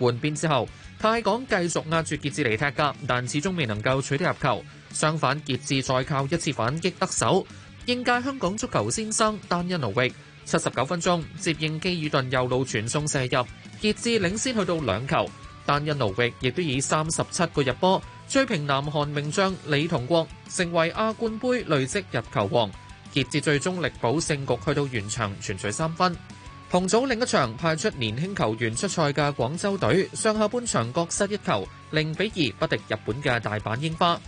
換邊之後，泰港繼續壓住傑志嚟踢甲，但始終未能夠取得入球。相反，傑志再靠一次反擊得手，應屆香港足球先生丹恩奴域七十九分鐘接應基爾頓右路傳送射入，傑志領先去到兩球。單一奴域亦都以三十七個入波追平南韓名將李同國，成為亞冠杯累積入球王。傑志最終力保勝局，去到完場全取三分。同組另一場派出年輕球員出賽嘅廣州隊，上下半場各失一球，零比二不敵日本嘅大阪櫻花。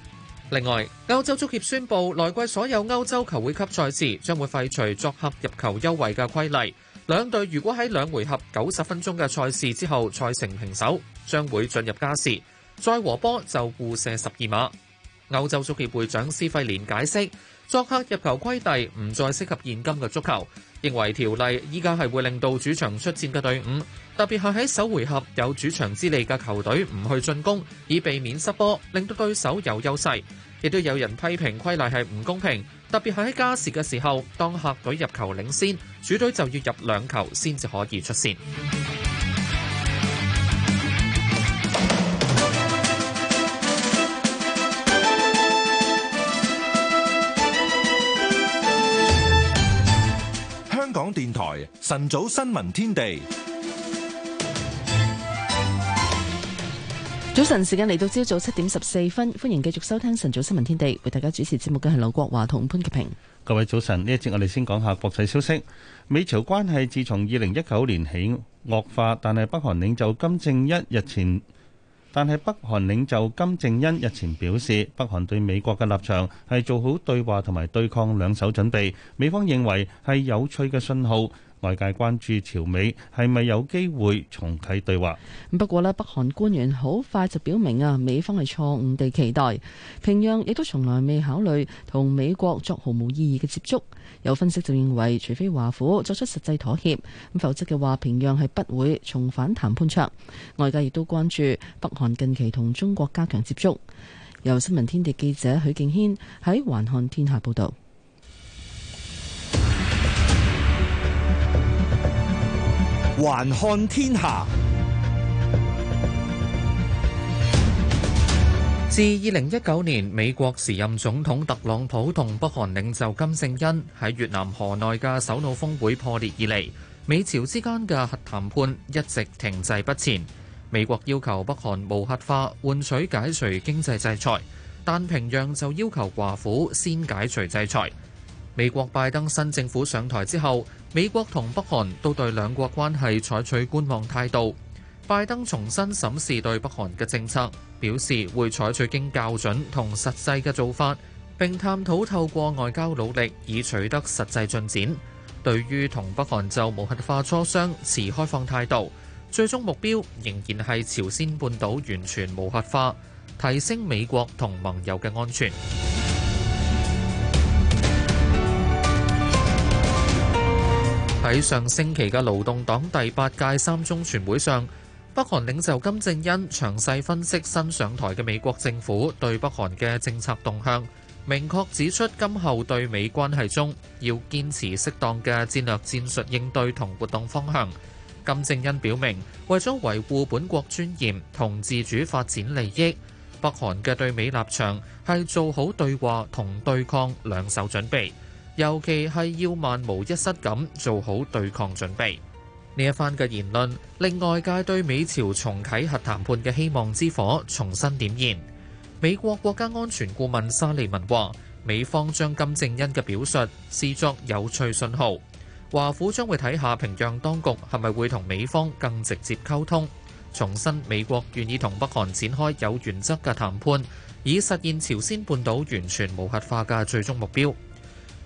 另外，歐洲足協宣布，來季所有歐洲球會級賽事將會廢除作客入球優惠嘅規例。兩隊如果喺兩回合九十分鐘嘅賽事之後賽成平手，將會進入加時，再和波就互射十二碼。歐洲足協會長施費連解釋：作客入球規例唔再適合現今嘅足球，認為條例依家係會令到主場出戰嘅隊伍，特別係喺首回合有主場之利嘅球隊唔去進攻，以避免失波，令到對手有優勢。亦都有人批評規例係唔公平，特別係喺加時嘅時候，當客隊入球領先，主隊就要入兩球先至可以出線。電台晨早新聞天地，早晨時間嚟到朝早七點十四分。歡迎繼續收聽晨早新聞天地，為大家主持節目嘅係劉國華同潘潔平。各位早晨，呢一節我哋先講下國際消息，美朝關係自從二零一九年起惡化，但係北韓領袖金正一日前。但係北韓領袖金正恩日前表示，北韓對美國嘅立場係做好對話同埋對抗兩手準備。美方認為係有趣嘅信號，外界關注朝美係咪有機會重啟對話。不過呢，北韓官員好快就表明啊，美方係錯誤地期待平壤，亦都從來未考慮同美國作毫無意義嘅接觸。有分析就認為，除非華府作出實際妥協，咁否則嘅話，平壤係不會重返談判桌。外界亦都關注北韓近期同中國加強接觸。由新聞天地記者許敬軒喺環看天下報導。環看天下報導。自二零一九年美國時任總統特朗普同北韓領袖金正恩喺越南河內嘅首腦峰會破裂以嚟，美朝之間嘅核談判一直停滯不前。美國要求北韓無核化，換取解除經濟制裁；但平壤就要求華府先解除制裁。美國拜登新政府上台之後，美國同北韓都對兩國關係採取觀望態度。拜登重新審視對北韓嘅政策。表示會採取經校準同實際嘅做法，並探討透過外交努力以取得實際進展。對於同北韓就無核化磋商持開放態度，最終目標仍然係朝鮮半島完全無核化，提升美國同盟友嘅安全。喺上星期嘅勞動黨第八屆三中全會上，北韓領袖金正恩詳細分析新上台嘅美國政府對北韓嘅政策動向，明確指出今後對美關係中要堅持適當嘅戰略戰術應對同活動方向。金正恩表明，為咗維護本國尊嚴同自主發展利益，北韓嘅對美立場係做好對話同對抗兩手準備，尤其係要萬無一失咁做好對抗準備。呢一番嘅言論，令外界對美朝重啟核談判嘅希望之火重新點燃。美國國家安全顧問沙利文話，美方將金正恩嘅表述視作有趣信號。華府將會睇下平壤當局係咪會同美方更直接溝通，重申美國願意同北韓展開有原則嘅談判，以實現朝鮮半島完全無核化嘅最終目標。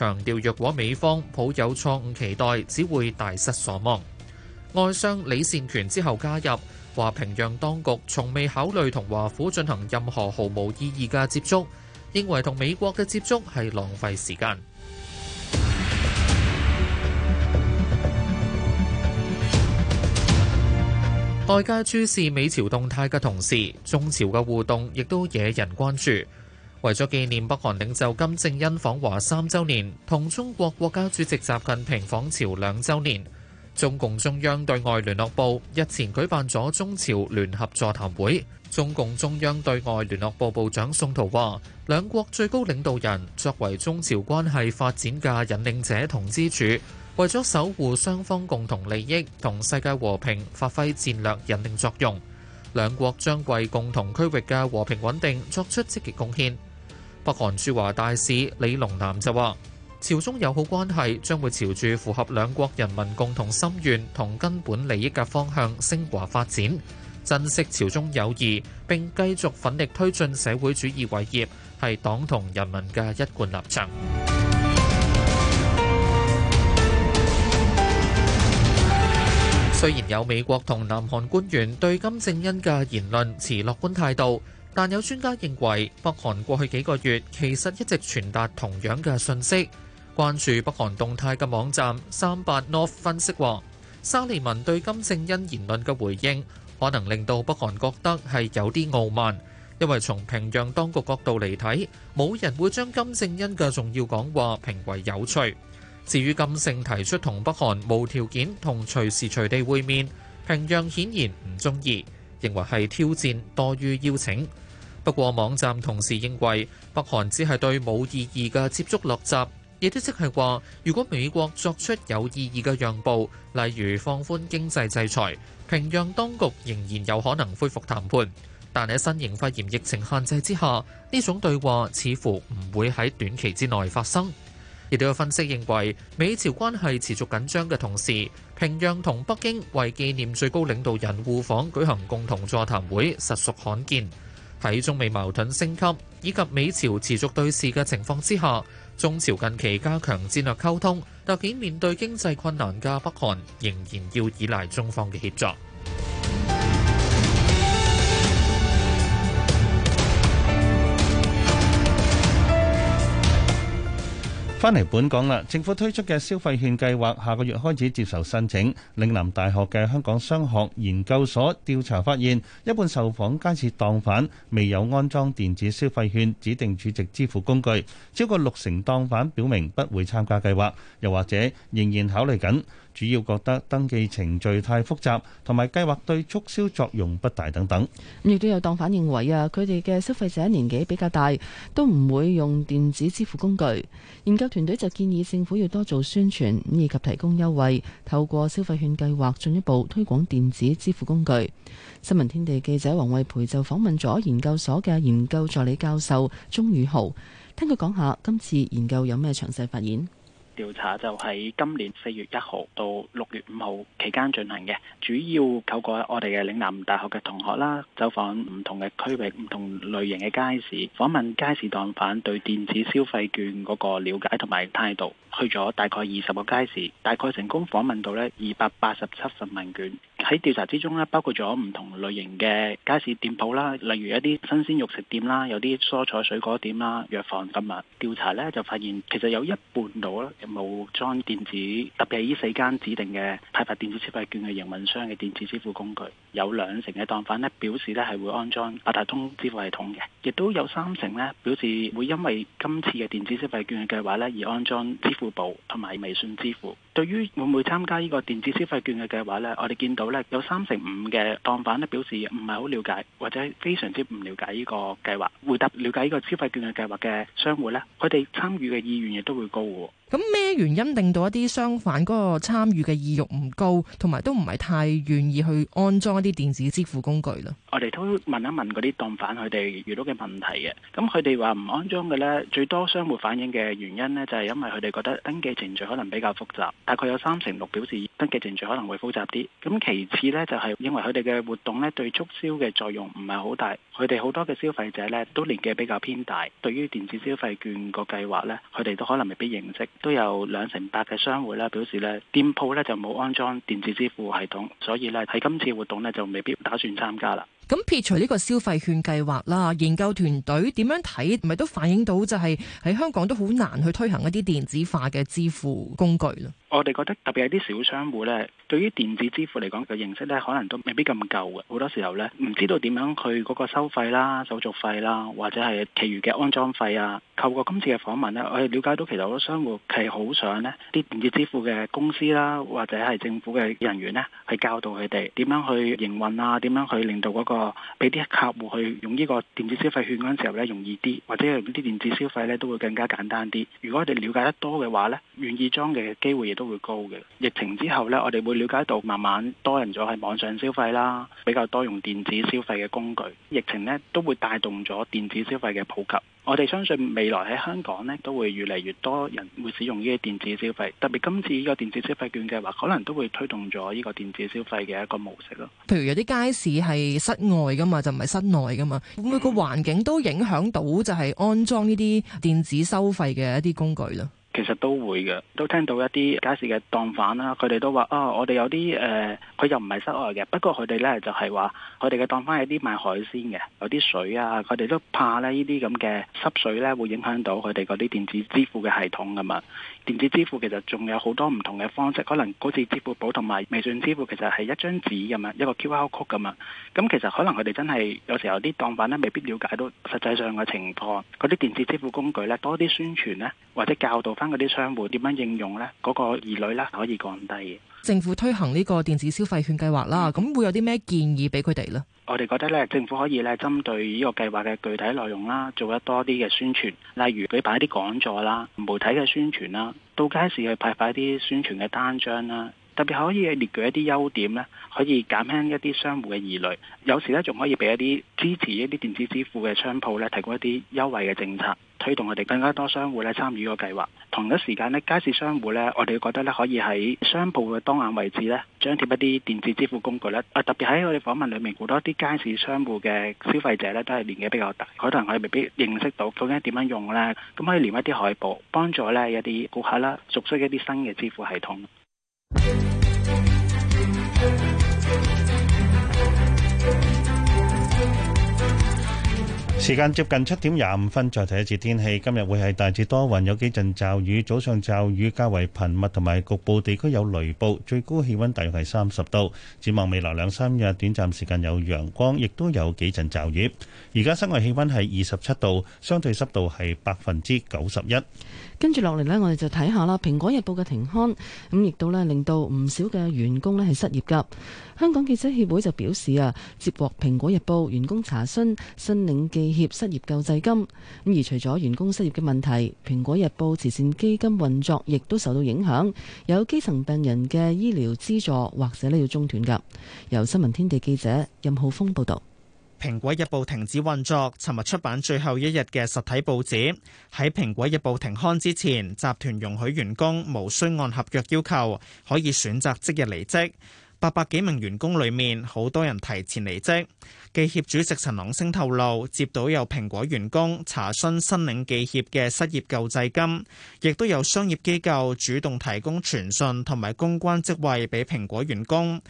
強調若果美方抱有錯誤期待，只會大失所望。外相李善權之後加入，話平壤當局從未考慮同華府進行任何毫無意義嘅接觸，認為同美國嘅接觸係浪費時間。外界注視美朝動態嘅同時，中朝嘅互動亦都惹人關注。為咗紀念北韓領袖金正恩訪華三週年，同中國國家主席習近平訪朝兩週年，中共中央對外聯絡部日前舉辦咗中朝聯合座談會。中共中央對外聯絡部部長宋濤話，兩國最高領導人作為中朝關係發展嘅引領者同支柱，為咗守護雙方共同利益同世界和平，發揮戰略引領作用。兩國將為共同區域嘅和平穩定作出積極貢獻。北韓駐華大使李龍南就話：朝中友好關係將會朝住符合兩國人民共同心願同根本利益嘅方向升華發展，珍惜朝中友誼並繼續奮力推進社會主義偉業，係黨同人民嘅一貫立場。 雖然有美國同南韓官員對金正恩嘅言論持樂觀態度。但有專家認為，北韓過去幾個月其實一直傳達同樣嘅信息。關注北韓動態嘅網站三八 North 分析話，沙利文對金正恩言論嘅回應，可能令到北韓覺得係有啲傲慢，因為從平壤當局角度嚟睇，冇人會將金正恩嘅重要講話評為有趣。至於金正提出同北韓無條件同隨時隨地會面，平壤顯然唔中意，認為係挑戰多於邀請。不過，網站同時認為北韓只係對冇意義嘅接觸落閘，亦都即係話，如果美國作出有意義嘅讓步，例如放寬經濟制裁，平壤當局仍然有可能恢復談判。但喺新型肺炎疫情限制之下，呢種對話似乎唔會喺短期之內發生。亦都有分析認為，美朝關係持續緊張嘅同時，平壤同北京為紀念最高領導人互訪舉行共同座談會，實屬罕見。喺中美矛盾升級以及美朝持續對峙嘅情況之下，中朝近期加強戰略溝通，特別面對經濟困難嘅北韓仍然要依賴中方嘅協助。翻嚟本港啦，政府推出嘅消費券計劃下個月開始接受申請，嶺南大學嘅香港商學研究所調查發現，一半受訪街市檔販未有安裝電子消費券指定儲值支付工具，超過六成檔販表明不會參加計劃，又或者仍然考慮緊。主要覺得登記程序太複雜，同埋計劃對促銷作用不大等等。亦都有當反認為啊，佢哋嘅消費者年紀比較大，都唔會用電子支付工具。研究團隊就建議政府要多做宣傳，以及提供優惠，透過消費券計劃進一步推廣電子支付工具。新聞天地記者黃慧培就訪問咗研究所嘅研究助理教授鍾宇豪，聽佢講下今次研究有咩詳細發現。調查就喺今年四月一號到六月五號期間進行嘅，主要透過我哋嘅嶺南大學嘅同學啦，走訪唔同嘅區域、唔同類型嘅街市，訪問街市檔販對電子消費券嗰個了解同埋態度。去咗大概二十個街市，大概成功訪問到咧二百八十七份問卷。喺調查之中咧，包括咗唔同類型嘅街市店鋪啦，例如一啲新鮮肉食店啦，有啲蔬菜水果店啦，藥房等物。調查咧就發現，其實有一半度咧冇裝電子，特別係呢四間指定嘅派發電子消費券嘅營運商嘅電子支付工具，有兩成嘅檔販咧表示咧係會安裝八達通支付系統嘅，亦都有三成咧表示會因為今次嘅電子消費券嘅計劃咧而安裝支付付寶同埋微信支付。對於會唔會參加呢個電子消費券嘅計劃呢，我哋見到呢有三成五嘅檔販咧表示唔係好了解，或者非常之唔了解呢個計劃。回答了解呢個消費券嘅計劃嘅商戶呢，佢哋參與嘅意願亦都會高。咁咩原因令到一啲商販嗰個參與嘅意欲唔高，同埋都唔係太願意去安裝一啲電子支付工具呢？我哋都問一問嗰啲檔販佢哋遇到嘅問題嘅。咁佢哋話唔安裝嘅呢，最多商戶反映嘅原因呢，就係因為佢哋覺得登記程序可能比較複雜。大概有三成六表示登記程序可能會複雜啲，咁其次呢，就係因為佢哋嘅活動呢對促銷嘅作用唔係好大，佢哋好多嘅消費者呢，都年紀比較偏大，對於電子消費券個計劃呢，佢哋都可能未必認識，都有兩成八嘅商會呢表示呢，店鋪呢就冇安裝電子支付系統，所以呢，喺今次活動呢，就未必打算參加啦。咁撇除呢個消費券計劃啦，研究團隊點樣睇？咪都反映到就係喺香港都好難去推行一啲電子化嘅支付工具咯。我哋覺得特別係啲小商戶咧，對於電子支付嚟講嘅認識咧，可能都未必咁夠嘅。好多時候咧，唔知道點樣去嗰個收費啦、手續費啦，或者係其餘嘅安裝費啊。透過今次嘅訪問咧，我哋了解到其實好多商戶係好想呢啲電子支付嘅公司啦，或者係政府嘅人員呢，去教導佢哋點樣去營運啊，點樣去令到、那、嗰個。啊！俾啲、哦、客戶去用呢個電子消費券嗰陣時候咧，容易啲，或者用啲電子消費咧，都會更加簡單啲。如果我哋了解得多嘅話咧，願意裝嘅機會亦都會高嘅。疫情之後咧，我哋會了解到慢慢多人咗喺網上消費啦，比較多用電子消費嘅工具。疫情咧都會帶動咗電子消費嘅普及。我哋相信未來喺香港呢，都會越嚟越多人會使用呢啲電子消費，特別今次呢個電子消費券嘅話，可能都會推動咗呢個電子消費嘅一個模式咯。譬如有啲街市係室外噶嘛，就唔係室內噶嘛，咁個環境都影響到就係安裝呢啲電子收費嘅一啲工具咯。其實都會嘅，都聽到一啲街市嘅檔販啦，佢哋都話啊、哦，我哋有啲誒，佢、呃、又唔係室外嘅，不過佢哋咧就係、是、話，佢哋嘅檔販係啲賣海鮮嘅，有啲水啊，佢哋都怕咧呢啲咁嘅濕水咧，會影響到佢哋嗰啲電子支付嘅系統㗎嘛。電子支付其實仲有好多唔同嘅方式，可能好似支付寶同埋微信支付其實係一張紙咁樣，一個 QR code 咁樣。咁、嗯、其實可能佢哋真係有時候啲檔販呢未必了解到實際上嘅情況，嗰啲電子支付工具呢，多啲宣傳呢，或者教導翻嗰啲商戶點樣應用呢，嗰、嗰個疑慮呢可以降低。政府推行呢個電子消費券計劃啦，咁會有啲咩建議俾佢哋呢？我哋覺得咧，政府可以咧針對呢個計劃嘅具體內容啦，做多啲嘅宣傳，例如舉辦一啲講座啦、媒體嘅宣傳啦、到街市去派發一啲宣傳嘅單張啦。特別可以列舉一啲優點呢，可以減輕一啲商戶嘅疑慮。有時呢，仲可以俾一啲支持一啲電子支付嘅商鋪呢，提供一啲優惠嘅政策，推動佢哋更加多商戶呢參與個計劃。同一時間呢，街市商戶呢，我哋覺得呢，可以喺商鋪嘅當眼位置呢，張貼一啲電子支付工具呢啊，特別喺我哋訪問裏面，好多啲街市商戶嘅消費者呢，都係年紀比較大，可能佢哋未必認識到究竟點樣用呢，咁可以黏一啲海報，幫助呢，一啲顧客啦熟悉一啲新嘅支付系統。時間接近七點廿五分，再睇一次天氣。今日會係大致多雲，有幾陣驟雨，早上驟雨較為頻密，同埋局部地區有雷暴。最高氣温大約係三十度。展望未來兩三日，短暫時間有陽光，亦都有幾陣驟雨。而家室外氣溫係二十七度，相對濕度係百分之九十一。跟住落嚟呢，我哋就睇下啦。蘋果日報嘅停刊，咁亦都呢令到唔少嘅員工呢係失業噶。香港記者協會就表示啊，接獲蘋果日報員工查詢，申領記協失業救濟金。咁而除咗員工失業嘅問題，蘋果日報慈善基金運作亦都受到影響，有基層病人嘅醫療資助或者呢要中斷噶。由新聞天地記者任浩峰報道。蘋果日報停止運作，尋日出版最後一日嘅實體報紙。喺蘋果日報停刊之前，集團容許員工無需按合約要求，可以選擇即日離職。八百幾名員工裏面，好多人提前離職。記協主席陳朗升透露，接到有蘋果員工查詢申領記協嘅失業救濟金，亦都有商業機構主動提供傳訊同埋公關職位俾蘋果員工。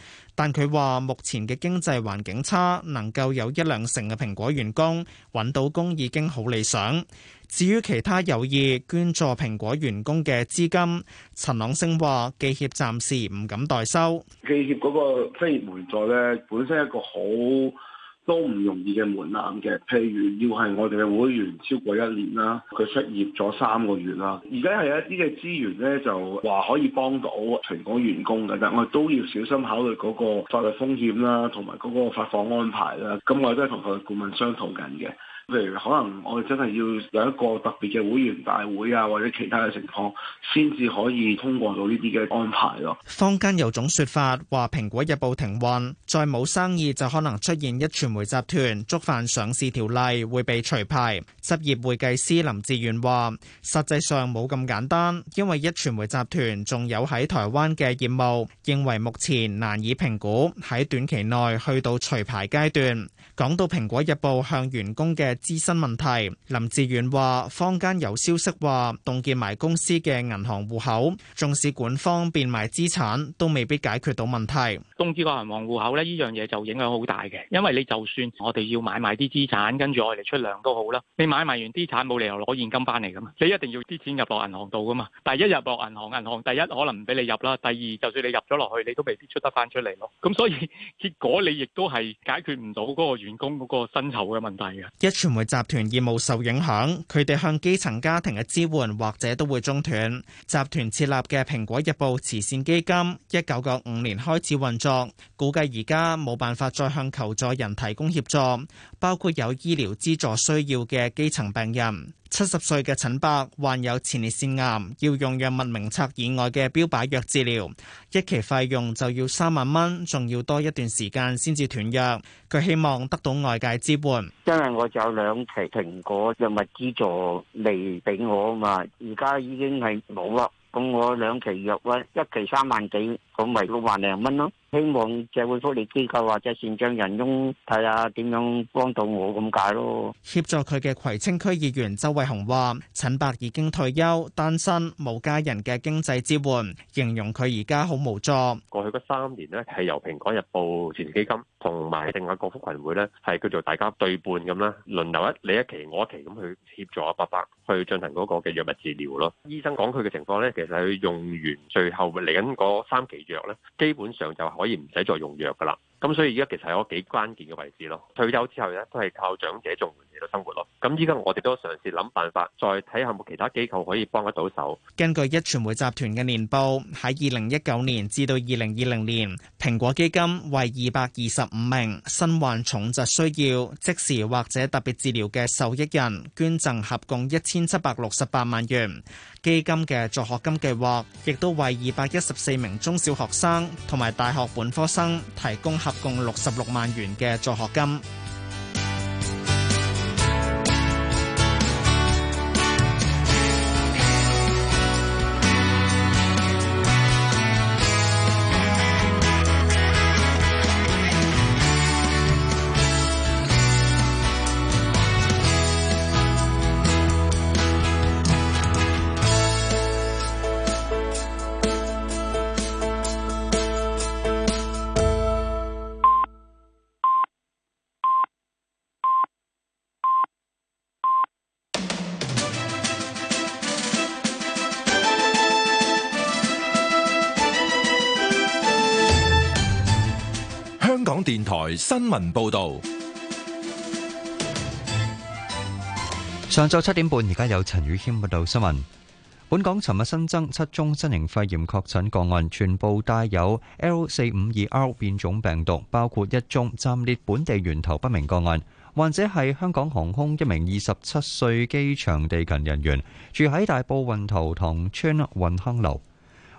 但佢話：目前嘅經濟環境差，能夠有一兩成嘅蘋果員工揾到工已經好理想。至於其他有意捐助蘋果員工嘅資金，陳朗昇話：記協暫時唔敢代收。記協嗰個職業援助咧，本身係一個好都唔容易嘅門檻嘅，譬如要係我哋嘅會員超過一年啦，佢失業咗三個月啦，而家係有一啲嘅資源咧就話可以幫到全港員工嘅，但我哋都要小心考慮嗰個法律風險啦，同埋嗰個發放安排啦，咁我哋都係同佢嘅顧問商討緊嘅。譬如可能我哋真係要有一個特別嘅會員大會啊，或者其他嘅情況先至可以通過到呢啲嘅安排咯、啊。坊間有種說法話，蘋果日報停運，再冇生意就可能出現一傳媒集團觸犯上市條例，會被除牌。執業會計師林志遠話實際上冇咁簡單，因為一傳媒集團仲有喺台灣嘅業務，認為目前難以評估喺短期內去到除牌階段。講到《蘋果日報》向員工嘅資薪問題，林志遠話：坊間有消息話，凍結埋公司嘅銀行戶口，縱使管方變賣資產，都未必解決到問題。通知個銀行戶口呢，依樣嘢就影響好大嘅，因為你就算我哋要買埋啲資產，跟住我哋出糧都好啦。你買埋完資產，冇理由攞現金翻嚟噶嘛，你一定要啲錢入落銀行度噶嘛。第一入落銀行，銀行第一可能唔俾你入啦，第二就算你入咗落去，你都未必出得翻出嚟咯。咁所以結果你亦都係解決唔到嗰個員工嗰個薪酬嘅問題嘅。壹傳媒集團業務受影響，佢哋向基層家庭嘅支援或者都會中斷。集團設立嘅蘋果日報慈善基金，一九九五年開始運作。估計而家冇辦法再向求助人提供協助，包括有醫療資助需要嘅基層病人。七十歲嘅陳伯患患有前列腺癌，要用藥物名冊以外嘅標靶藥治療，一期費用就要三萬蚊，仲要多一段時間先至斷藥。佢希望得到外界支援，因為我有兩期蘋果藥物資助嚟，俾我啊嘛，而家已經係冇啦，咁我兩期藥咧，一期三萬幾。咁咪六萬零蚊咯，希望社會福利機構或者善長仁翁睇下點樣幫到我咁解咯。協助佢嘅葵青區議員周偉雄話，陳伯已經退休，單身，冇家人嘅經濟支援，形容佢而家好無助。過去嘅三年呢，係由蘋果日報慈善基金同埋另外一個福群會呢，係叫做大家對半咁啦，輪流一你一期我一期咁去協助阿伯伯去進行嗰個嘅藥物治療咯。醫生講佢嘅情況呢，其實佢用完最後嚟緊嗰三期。藥咧，基本上就可以唔使再用藥噶啦。咁所以依家其實係一個幾關鍵嘅位置咯。退休之後咧，都係靠長者做嘢嘅生活咯。咁依家我哋都嘗試諗辦法，再睇下有冇其他機構可以幫得到手。根據壹傳媒集團嘅年報，喺二零一九年至到二零二零年，蘋果基金為二百二十五名身患重疾需要即時或者特別治療嘅受益人捐贈合共一千七百六十八萬元。基金嘅助學金計劃，亦都為二百一十四名中小學生同埋大學本科生提供合共六十六萬元嘅助學金。台新聞報道，上晝七點半，而家有陳宇謙報道新聞。本港尋日新增七宗新型肺炎確診個案，全部帶有 L 四五二 R 變種病毒，包括一宗暫列本地源頭不明個案。患者係香港航空一名二十七歲機場地勤人員，住喺大埔運頭塘村運亨樓。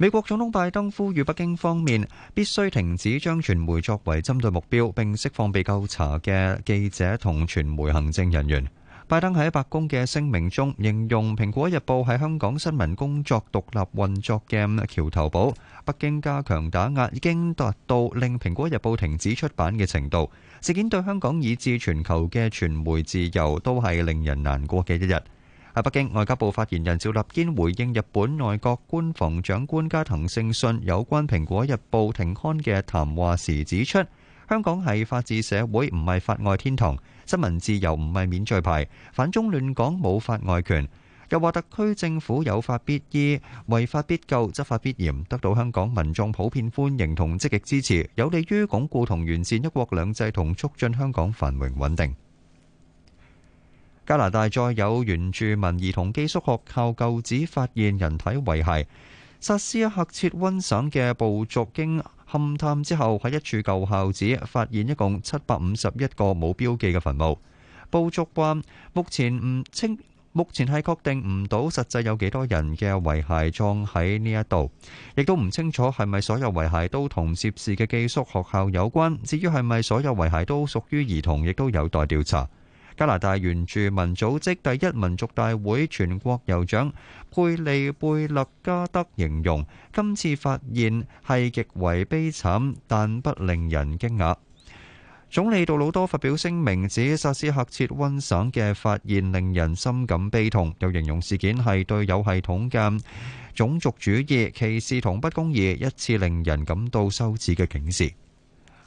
美國總統拜登呼籲北京方面必須停止將傳媒作為針對目標，並釋放被調查嘅記者同傳媒行政人員。拜登喺白宮嘅聲明中，形容《蘋果日報》喺香港新聞工作獨立運作嘅橋頭堡，北京加強打壓已經達到令《蘋果日報》停止出版嘅程度。事件對香港以至全球嘅傳媒自由都係令人難過嘅一日。喺北京，外交部發言人趙立堅回應日本內閣官房長官加藤勝信有關《蘋果日報》停刊嘅談話時指出：香港係法治社會，唔係法外天堂；新聞自由唔係免罪牌，反中亂港冇法外權。又話特區政府有法必依、違法必究、執法必嚴，得到香港民眾普遍歡迎同積極支持，有利於鞏固同完善一國兩制，同促進香港繁榮穩定。加拿大再有原住民兒童寄宿學校舊址發現人體遺骸，薩斯喀徹溫省嘅部族經勘探之後，喺一處舊校址發現一共七百五十一個冇標記嘅墳墓。部族話目前唔清，目前係確定唔到實際有幾多人嘅遺骸葬喺呢一度，亦都唔清楚係咪所有遺骸都同涉事嘅寄宿學校有關。至於係咪所有遺骸都屬於兒童，亦都有待調查。加拿大原住民組織第一民族大會全國酋長佩利貝勒加德形容今次發現係極為悲慘，但不令人驚訝。總理杜魯多發表聲明指，薩斯喀徹溫省嘅發現令人心感悲痛，又形容事件係對有系統嘅種族主義歧視同不公義一次令人感到羞恥嘅警示。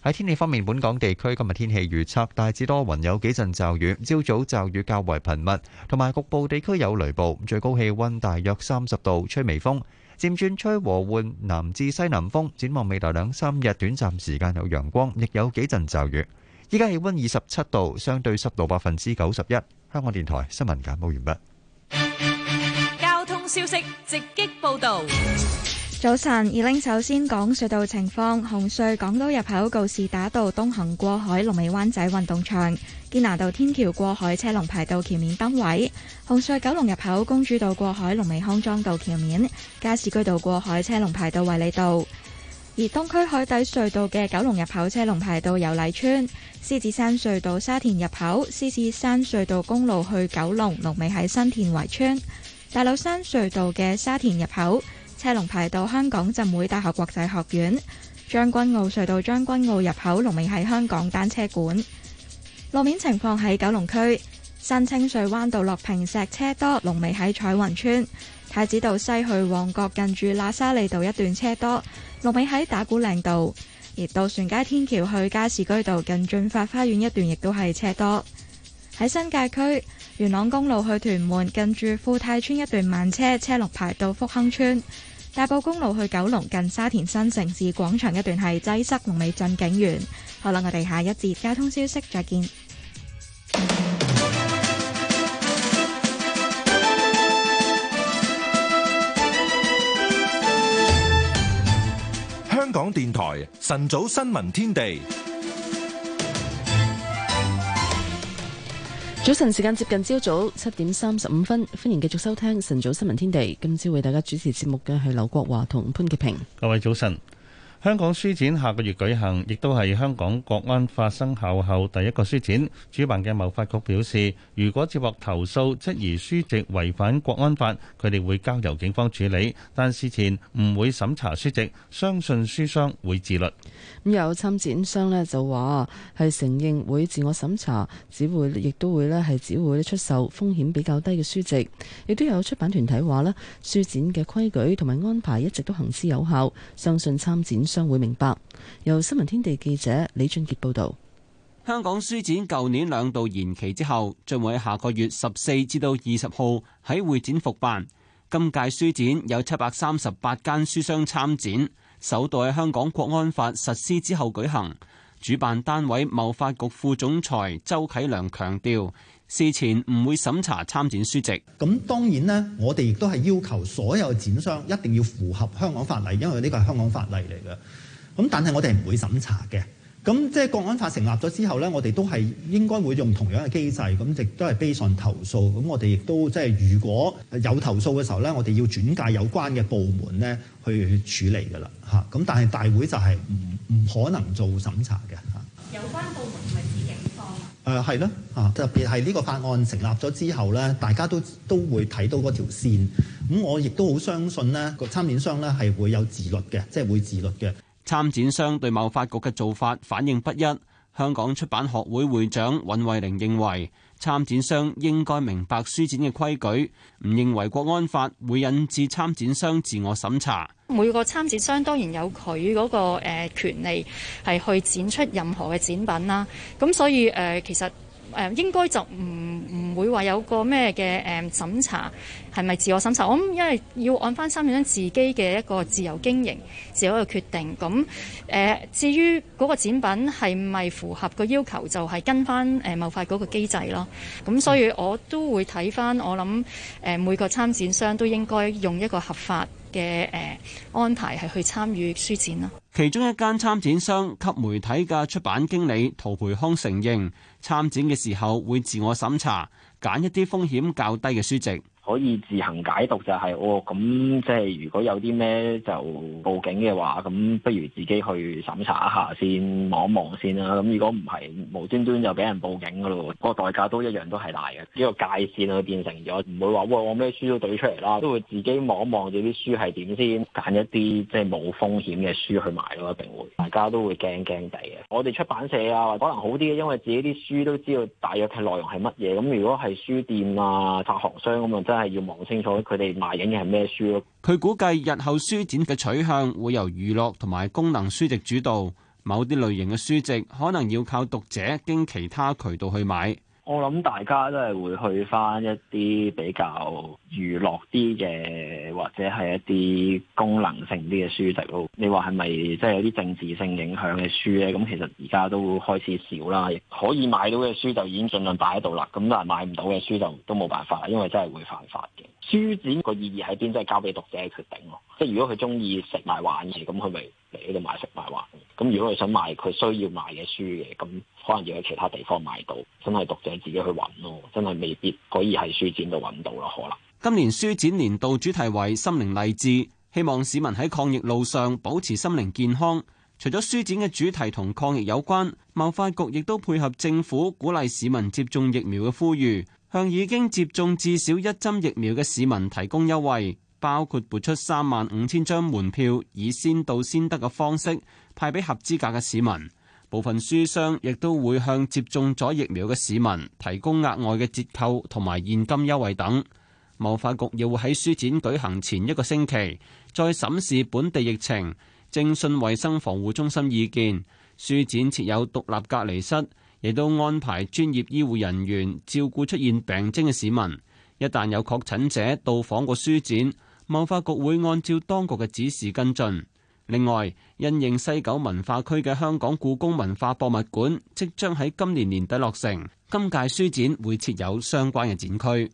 喺天氣方面，本港地區今日天氣預測大致多雲，有幾陣驟雨，朝早驟雨較為頻密，同埋局部地區有雷暴。最高氣溫大約三十度，吹微風，漸轉吹和緩南至西南風。展望未來兩三日，短暫時間有陽光，亦有幾陣驟雨。依家氣溫二十七度，相對濕度百分之九十一。香港電台新聞簡報完畢。交通消息直擊報道。早晨，二零，首先講隧道情況。紅隧港島入口告士打道東行過海龍尾，灣仔運動場，堅拿道天橋過海車龍排到橋面燈位。紅隧九龍入口公主道過海龍尾康莊道橋面，加士居道過海車龍排到衛理道。而東區海底隧道嘅九龍入口車龍排到油麗村，獅子山隧道沙田入口獅子山隧道公路去九龍龍尾喺新田圍邨，大老山隧道嘅沙田入口。車龍排到香港浸會大學國際學院，將軍澳隧道將軍澳入口龍尾喺香港單車館。路面情況喺九龍區新清水灣道落坪石車多龍尾喺彩雲村太子道西去旺角近住喇沙利道一段車多龍尾喺打鼓嶺道。而渡船街天橋去加士居道近駿發花園一段亦都係車多。喺新界區元朗公路去屯門近住富泰村一段慢車車龍排到福亨村。大埔公路去九龍近沙田新城市廣場一段係擠塞，龍尾鎮景園。好啦，我哋下一節交通消息再見。香港電台晨早新聞天地。早晨時間接近朝早七點三十五分，歡迎繼續收聽晨早新聞天地。今朝為大家主持節目嘅係劉國華同潘潔平。各位早晨。香港書展下個月舉行，亦都係香港國安法生效後第一個書展。主辦嘅貿發局表示，如果接獲投訴質疑書籍違反國安法，佢哋會交由警方處理，但事前唔會審查書籍，相信書商會自律。咁有參展商咧就話係承認會自我審查，只會亦都會咧係只會出售風險比較低嘅書籍。亦都有出版團體話咧，書展嘅規矩同埋安排一直都行之有效，相信參展。將會明白。由新聞天地記者李俊杰報道，香港書展舊年兩度延期之後，將會喺下個月十四至到二十號喺會展復辦。今屆書展有七百三十八間書商參展，首度喺香港國安法實施之後舉行。主辦單位貿發局副總裁周啟良強調。事前唔會審查參展書籍，咁當然呢，我哋亦都係要求所有展商，一定要符合香港法例，因為呢個係香港法例嚟嘅。咁但係我哋唔會審查嘅。咁即係國安法成立咗之後呢，我哋都係應該會用同樣嘅機制，咁亦都係 based on 投訴。咁我哋亦都即係如果有投訴嘅時候呢，我哋要轉介有關嘅部門呢去處理噶啦。吓，咁但係大會就係唔唔可能做審查嘅。吓，有關部門唔係誒係咯，嚇、呃啊、特別係呢個法案成立咗之後咧，大家都都會睇到嗰條線。咁我亦都好相信咧，個參展商咧係會有自律嘅，即係會自律嘅。參展商對貿發局嘅做法反應不一。香港出版學會會長尹惠玲認為。參展商應該明白書展嘅規矩，唔認為國安法會引致參展商自我審查。每個參展商當然有佢嗰個誒權利係去展出任何嘅展品啦。咁所以誒，呃，其實。誒應該就唔唔會話有個咩嘅誒審查係咪自我審查？我諗，因為要按翻參展商自己嘅一個自由經營，自由嘅決定咁誒。至於嗰個展品係咪符合個要求，就係、是、跟翻誒貿發嗰個機制咯。咁所以我都會睇翻。我諗誒每個參展商都應該用一個合法嘅誒安排係去參與書展啦。其中一間參展商及媒體嘅出版經理陶培康承認。參展嘅時候會自我審查，揀一啲風險較低嘅書籍。可以自行解讀就係、是，哦，咁即係如果有啲咩就報警嘅話，咁不如自己去審查一下先，看一看，望一望先啦。咁如果唔係無端端就俾人報警噶咯，個代價都一樣都係大嘅。呢、這個界線啊，變成咗，唔會話，喂，我咩書都堆出嚟啦，都會自己望一望，一就啲書係點先，揀一啲即係冇風險嘅書去買咯，一定會大家都會驚驚地嘅。我哋出版社啊，可能好啲，因為自己啲書都知道大約嘅內容係乜嘢。咁如果係書店啊、發行商咁啊。真係要望清楚，佢哋賣緊嘅係咩書咯。佢估計日後書展嘅取向會由娛樂同埋功能書籍主導，某啲類型嘅書籍可能要靠讀者經其他渠道去買。我諗大家都係會去翻一啲比較娛樂啲嘅，或者係一啲功能性啲嘅書籍咯。你話係咪即係有啲政治性影響嘅書呢？咁其實而家都開始少啦。可以買到嘅書就已經盡量擺喺度啦。咁但係買唔到嘅書就都冇辦法，因為真係會犯法嘅。書展個意義喺邊？真係交俾讀者決定咯。即係如果佢中意食埋玩嘅，咁佢咪。喺度買食買玩，咁如果係想買佢需要買嘅書嘅，咁可能要喺其他地方買到，真係讀者自己去揾咯，真係未必可以喺書展度揾到咯，可能。今年書展年度主題為心靈勵志，希望市民喺抗疫路上保持心靈健康。除咗書展嘅主題同抗疫有關，貿發局亦都配合政府鼓勵市民接種疫苗嘅呼籲，向已經接種至少一針疫苗嘅市民提供優惠。包括撥出三萬五千張門票，以先到先得嘅方式派俾合資格嘅市民。部分書商亦都會向接種咗疫苗嘅市民提供額外嘅折扣同埋現金優惠等。貿發局亦會喺書展舉行前一個星期再審視本地疫情，徵詢衞生防護中心意見。書展設有獨立隔離室，亦都安排專業醫護人員照顧出現病徵嘅市民。一旦有確診者到訪過書展，文化局會按照當局嘅指示跟進。另外，因應西九文化區嘅香港故宮文化博物館，即將喺今年年底落成，今屆書展會設有相關嘅展區。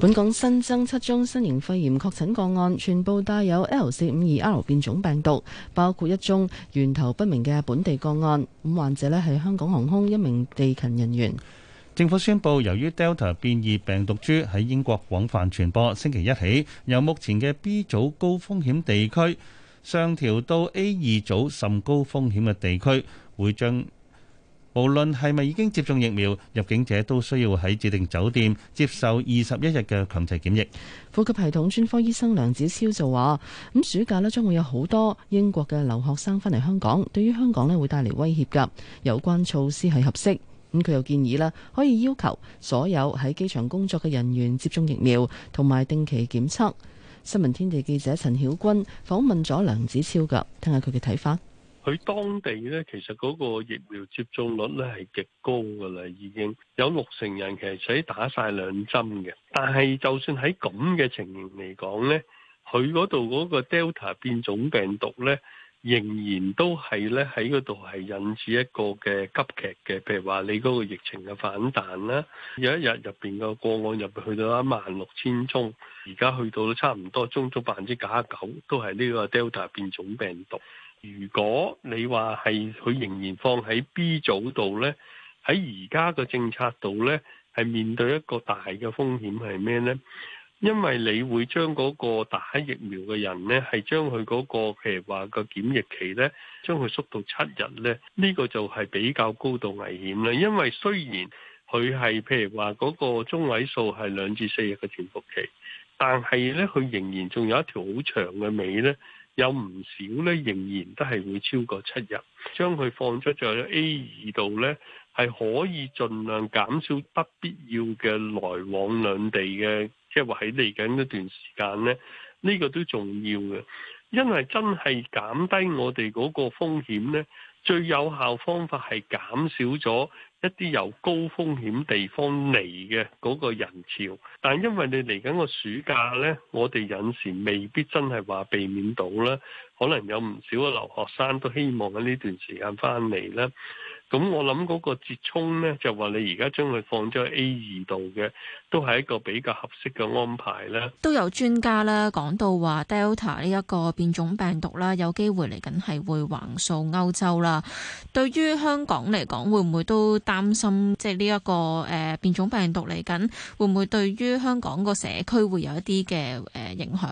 本港新增七宗新型肺炎確診個案，全部帶有 L 四五二 R 變種病毒，包括一宗源頭不明嘅本地個案。咁患者呢，係香港航空一名地勤人員。政府宣布，由於 Delta 變異病毒株喺英國廣泛傳播，星期一起由目前嘅 B 組高風險地區上調到 A 二組甚高風險嘅地區，會將。無論係咪已經接種疫苗，入境者都需要喺指定酒店接受二十一日嘅強制檢疫。呼吸系統專科醫生梁子超就話，咁暑假呢將會有好多英國嘅留學生返嚟香港，對於香港呢會帶嚟威脅噶。有關措施係合適。咁佢又建議啦，可以要求所有喺機場工作嘅人員接種疫苗，同埋定期檢測。新聞天地記者陳曉君訪問咗梁子超噶，聽下佢嘅睇法。佢當地呢，其實嗰個疫苗接種率呢係極高嘅啦，已經有六成人其實係打晒兩針嘅。但係就算喺咁嘅情形嚟講呢，佢嗰度嗰個 Delta 變種病毒呢，仍然都係呢喺嗰度係引致一個嘅急劇嘅。譬如話，你嗰個疫情嘅反彈啦，有一日入邊個個案入去，去到一萬六千宗，而家去到都差唔多，足足百分之九十九都係呢個 Delta 變種病毒。如果你話係佢仍然放喺 B 組度呢，喺而家個政策度呢，係面對一個大嘅風險係咩呢？因為你會將嗰個打疫苗嘅人呢，係將佢嗰、嗰個譬如話個檢疫期呢，將佢縮到七日呢。呢、呢個就係比較高度危險啦。因為雖然佢係譬如話嗰個中位數係兩至四日嘅潛伏期，但係呢，佢仍然仲有一條好長嘅尾呢。有唔少咧，仍然都係會超過七日，將佢放出喺 A 二度咧，係可以儘量減少不必要嘅來往兩地嘅，即係話喺嚟緊一段時間咧，呢，呢個都重要嘅，因為真係減低我哋嗰個風險咧，最有效方法係減少咗。一啲由高風險地方嚟嘅嗰個人潮，但因為你嚟緊個暑假呢，我哋有時未必真係話避免到啦，可能有唔少嘅留學生都希望喺呢段時間翻嚟啦。咁我諗嗰個折衷呢，就話你而家將佢放咗 A 二度嘅，都係一個比較合適嘅安排咧。都有專家咧講到話 Delta 呢一個變種病毒啦，有機會嚟緊係會橫掃歐洲啦。對於香港嚟講，會唔會都擔心即係呢一個誒變種病毒嚟緊會唔會對於香港個社區會有一啲嘅誒影響？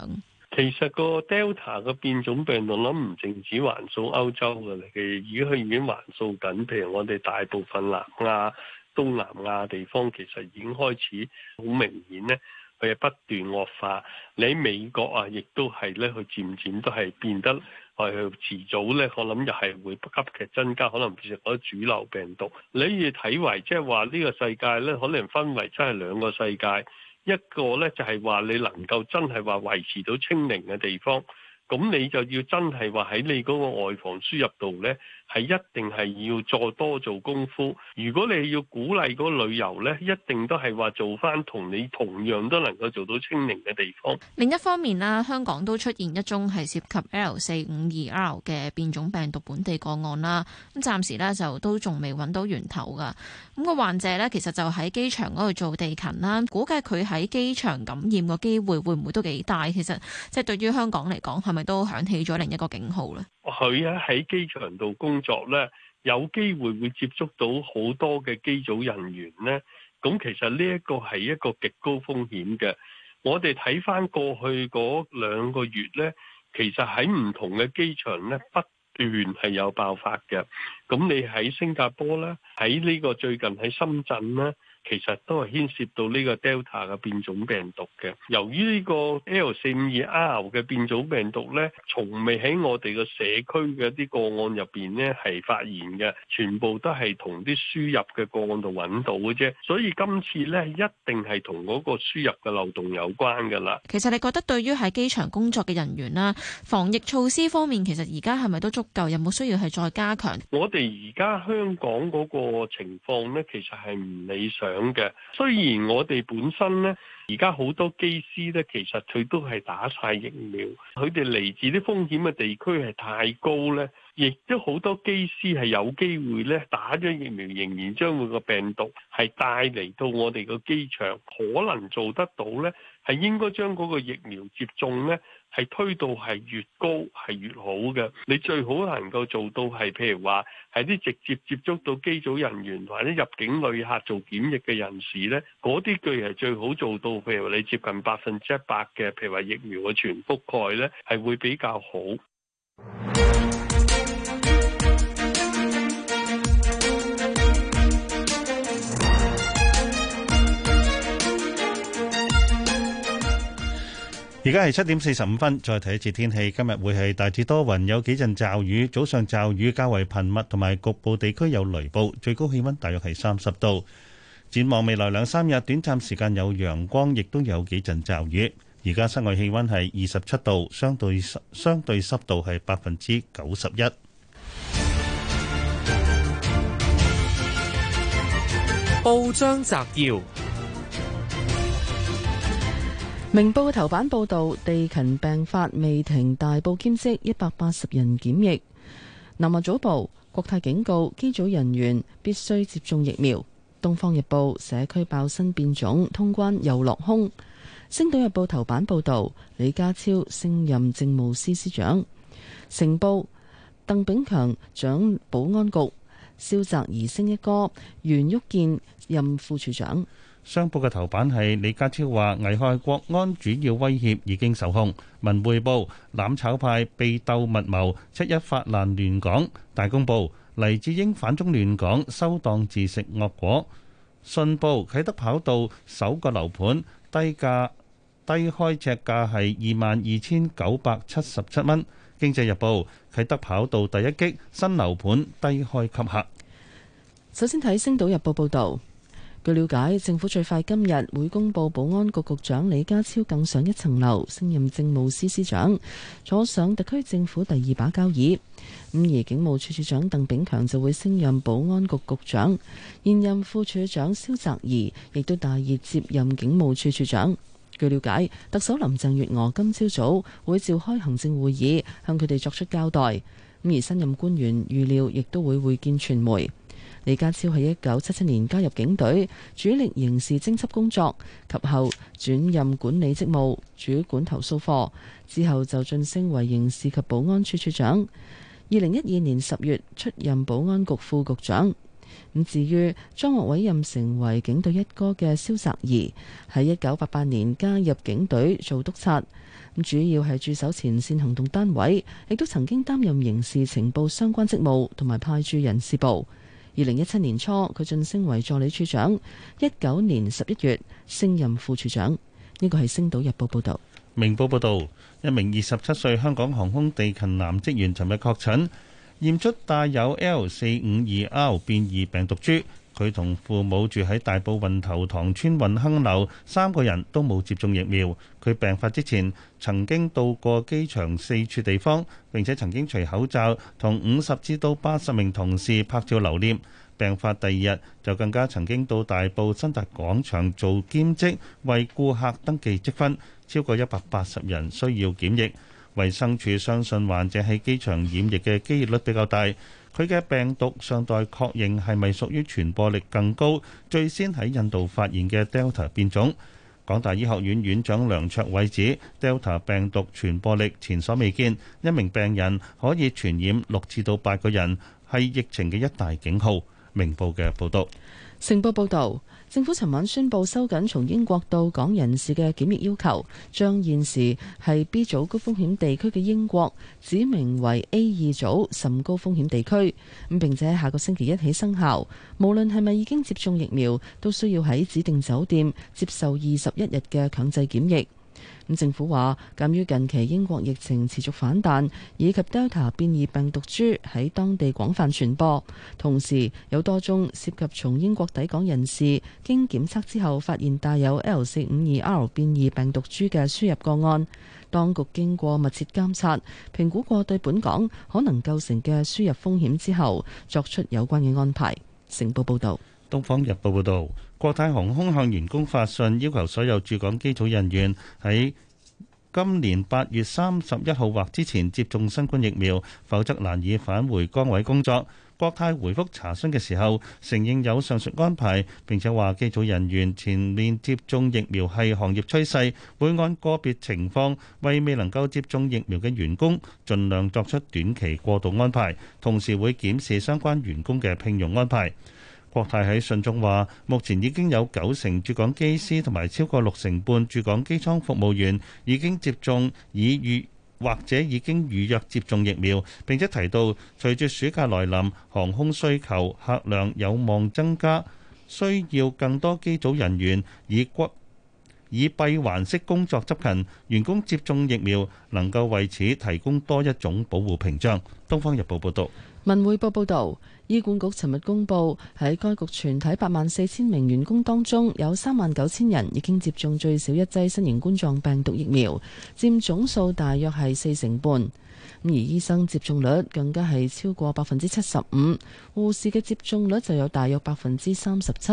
其實個 Delta 個變種病毒，諗唔淨止橫掃歐洲嘅，其而家佢已經橫掃緊。譬如我哋大部分南亞、東南亞地方，其實已經開始好明顯咧，佢係不斷惡化。你喺美國啊，亦都係咧，佢漸漸都係變得佢遲早咧，我諗又係會急劇增加，可能變成咗主流病毒。你要睇為即係話呢個世界咧，可能分為真係兩個世界。一個咧就係話你能夠真係話維持到清明嘅地方。咁你就要真係話，喺你嗰個外防輸入度咧，係一定係要再多做功夫。如果你要鼓勵嗰個旅遊咧，一定都係話做翻同你同樣都能夠做到清零嘅地方。另一方面啦，香港都出現一宗係涉及 L 四五二 R 嘅變種病毒本地個案啦。咁暫時咧就都仲未揾到源頭噶。咁個患者咧其實就喺機場嗰度做地勤啦，估計佢喺機場感染個機會會唔會都幾大？其實即係對於香港嚟講。係都響起咗另一個警號咧。佢啊喺機場度工作呢，有機會會接觸到好多嘅機組人員呢。咁其實呢一個係一個極高風險嘅。我哋睇返過去嗰兩個月呢，其實喺唔同嘅機場呢，不斷係有爆發嘅。咁你喺新加坡咧，喺呢個最近喺深圳咧。其實都係牽涉到呢個 Delta 嘅變種病毒嘅。由於呢個 L 四五二 R 嘅變種病毒呢，從未喺我哋嘅社區嘅啲個案入邊呢，係發現嘅，全部都係同啲輸入嘅個案度揾到嘅啫。所以今次呢，一定係同嗰個輸入嘅漏洞有關㗎啦。其實你覺得對於喺機場工作嘅人員啦，防疫措施方面，其實而家係咪都足夠？有冇需要係再加強？我哋而家香港嗰個情況呢，其實係唔理想。咁嘅，雖然我哋本身呢，而家好多機師呢，其實佢都係打晒疫苗，佢哋嚟自啲風險嘅地區係太高呢，亦都好多機師係有機會呢，打咗疫苗，仍然將佢個病毒係帶嚟到我哋個機場，可能做得到呢，係應該將嗰個疫苗接種呢。係推到係越高係越好嘅，你最好能夠做到係，譬如話係啲直接接觸到機組人員或者入境旅客做檢疫嘅人士呢，嗰啲嘅係最好做到，譬如你接近百分之一百嘅，譬如話疫苗嘅全覆蓋，呢係會比較好。而家係七點四十五分，再睇一次天氣。今日會係大致多雲，有幾陣驟雨，早上驟雨較為頻密，同埋局部地區有雷暴。最高氣溫大約係三十度。展望未來兩三日，短暫時間有陽光，亦都有幾陣驟雨。而家室外氣溫係二十七度，相對相對濕度係百分之九十一。報章摘要。明報嘅頭版報道，地勤病發未停大部兼職一百八十人檢疫。南華早報，國泰警告機組人員必須接種疫苗。東方日報，社區爆新變種，通關又落空。星島日報頭版報道，李家超升任政務司司長。成報，鄧炳強掌保安局，蕭澤頤升一哥，袁旭健任副處長。商報嘅頭版係李家超話危害國安主要威脅已經受控。文匯報，攬炒派被鬥密謀，七一發難亂港。大公報，黎智英反中亂港，收檔自食惡果。信報，啟德跑道首個樓盤低價低開，尺價係二萬二千九百七十七蚊。經濟日報，啟德跑道第一擊，新樓盤低開吸客。首先睇《星島日報》報道。據了解，政府最快今日會公布保安局局長李家超更上一層樓，升任政務司司長，坐上特區政府第二把交椅。咁而警務處處長鄧炳強就會升任保安局局長，現任副處長蕭澤頤亦都大熱接任警務處處長。據了解，特首林鄭月娥今朝早會召開行政會議，向佢哋作出交代。咁而新任官員預料亦都會會見傳媒。李家超喺一九七七年加入警隊，主力刑事偵緝工作，及後轉任管理職務，主管投訴課。之後就晉升為刑事及保安處處長。二零一二年十月出任保安局副局長。咁至於張學偉任成為警隊一哥嘅蕭澤頤，喺一九八八年加入警隊做督察，主要係駐守前線行動單位，亦都曾經擔任刑事情報相關職務，同埋派駐人事部。二零一七年初，佢晉升為助理處長。一九年十一月，升任副處長。呢個係星島日報報導。明報報導，一名二十七歲香港航空地勤男職員尋日確診，驗出帶有 L 四五二 R 變異病毒株。佢同父母住喺大埔運頭塘村運亨樓，三個人都冇接種疫苗。佢病發之前曾經到過機場四處地方，並且曾經除口罩同五十至到八十名同事拍照留念。病發第二日就更加曾經到大埔新達廣場做兼職，為顧客登記積分。超過一百八十人需要檢疫。衛生署相信患者喺機場染疫嘅機率比較大。佢嘅病毒尚待確認係咪屬於傳播力更高、最先喺印度發現嘅 Delta 變種，港大醫學院院長梁卓偉指，Delta 病毒傳播力前所未見，一名病人可以傳染六至到八個人，係疫情嘅一大警號，明報嘅報道，成報報道。政府尋晚宣布收緊從英國到港人士嘅檢疫要求，將現時係 B 組高風險地區嘅英國指明為 A 二組甚高風險地區，咁並且下個星期一起生效。無論係咪已經接種疫苗，都需要喺指定酒店接受二十一日嘅強制檢疫。咁政府話，鑑於近期英國疫情持續反彈，以及 Delta 變異病毒株喺當地廣泛傳播，同時有多宗涉及從英國抵港人士經檢測之後發現帶有 L452R 變異病毒株嘅輸入個案，當局經過密切監察、評估過對本港可能構成嘅輸入風險之後，作出有關嘅安排。成報報道。東方日報報道。國泰航空向員工發信，要求所有駐港機組人員喺今年八月三十一號或之前接種新冠疫苗，否則難以返回崗位工作。國泰回覆查詢嘅時候，承認有上述安排，並且話機組人員前面接種疫苗係行業趨勢，會按個別情況為未能夠接種疫苗嘅員工盡量作出短期過渡安排，同時會檢視相關員工嘅聘用安排。國泰喺信中話，目前已經有九成駐港機師同埋超過六成半駐港機艙服務員已經接種已預或者已經預約接種疫苗。並且提到，隨住暑假來臨，航空需求客量有望增加，需要更多機組人員以骨以閉環式工作執勤。員工接種疫苗能夠為此提供多一種保護屏障。《東方日報》報導。文匯報報道，醫管局尋日公布喺該局全體八萬四千名員工當中，有三萬九千人已經接種最少一劑新型冠狀病毒疫苗，占總數大約係四成半。咁而醫生接種率更加係超過百分之七十五，護士嘅接種率就有大約百分之三十七。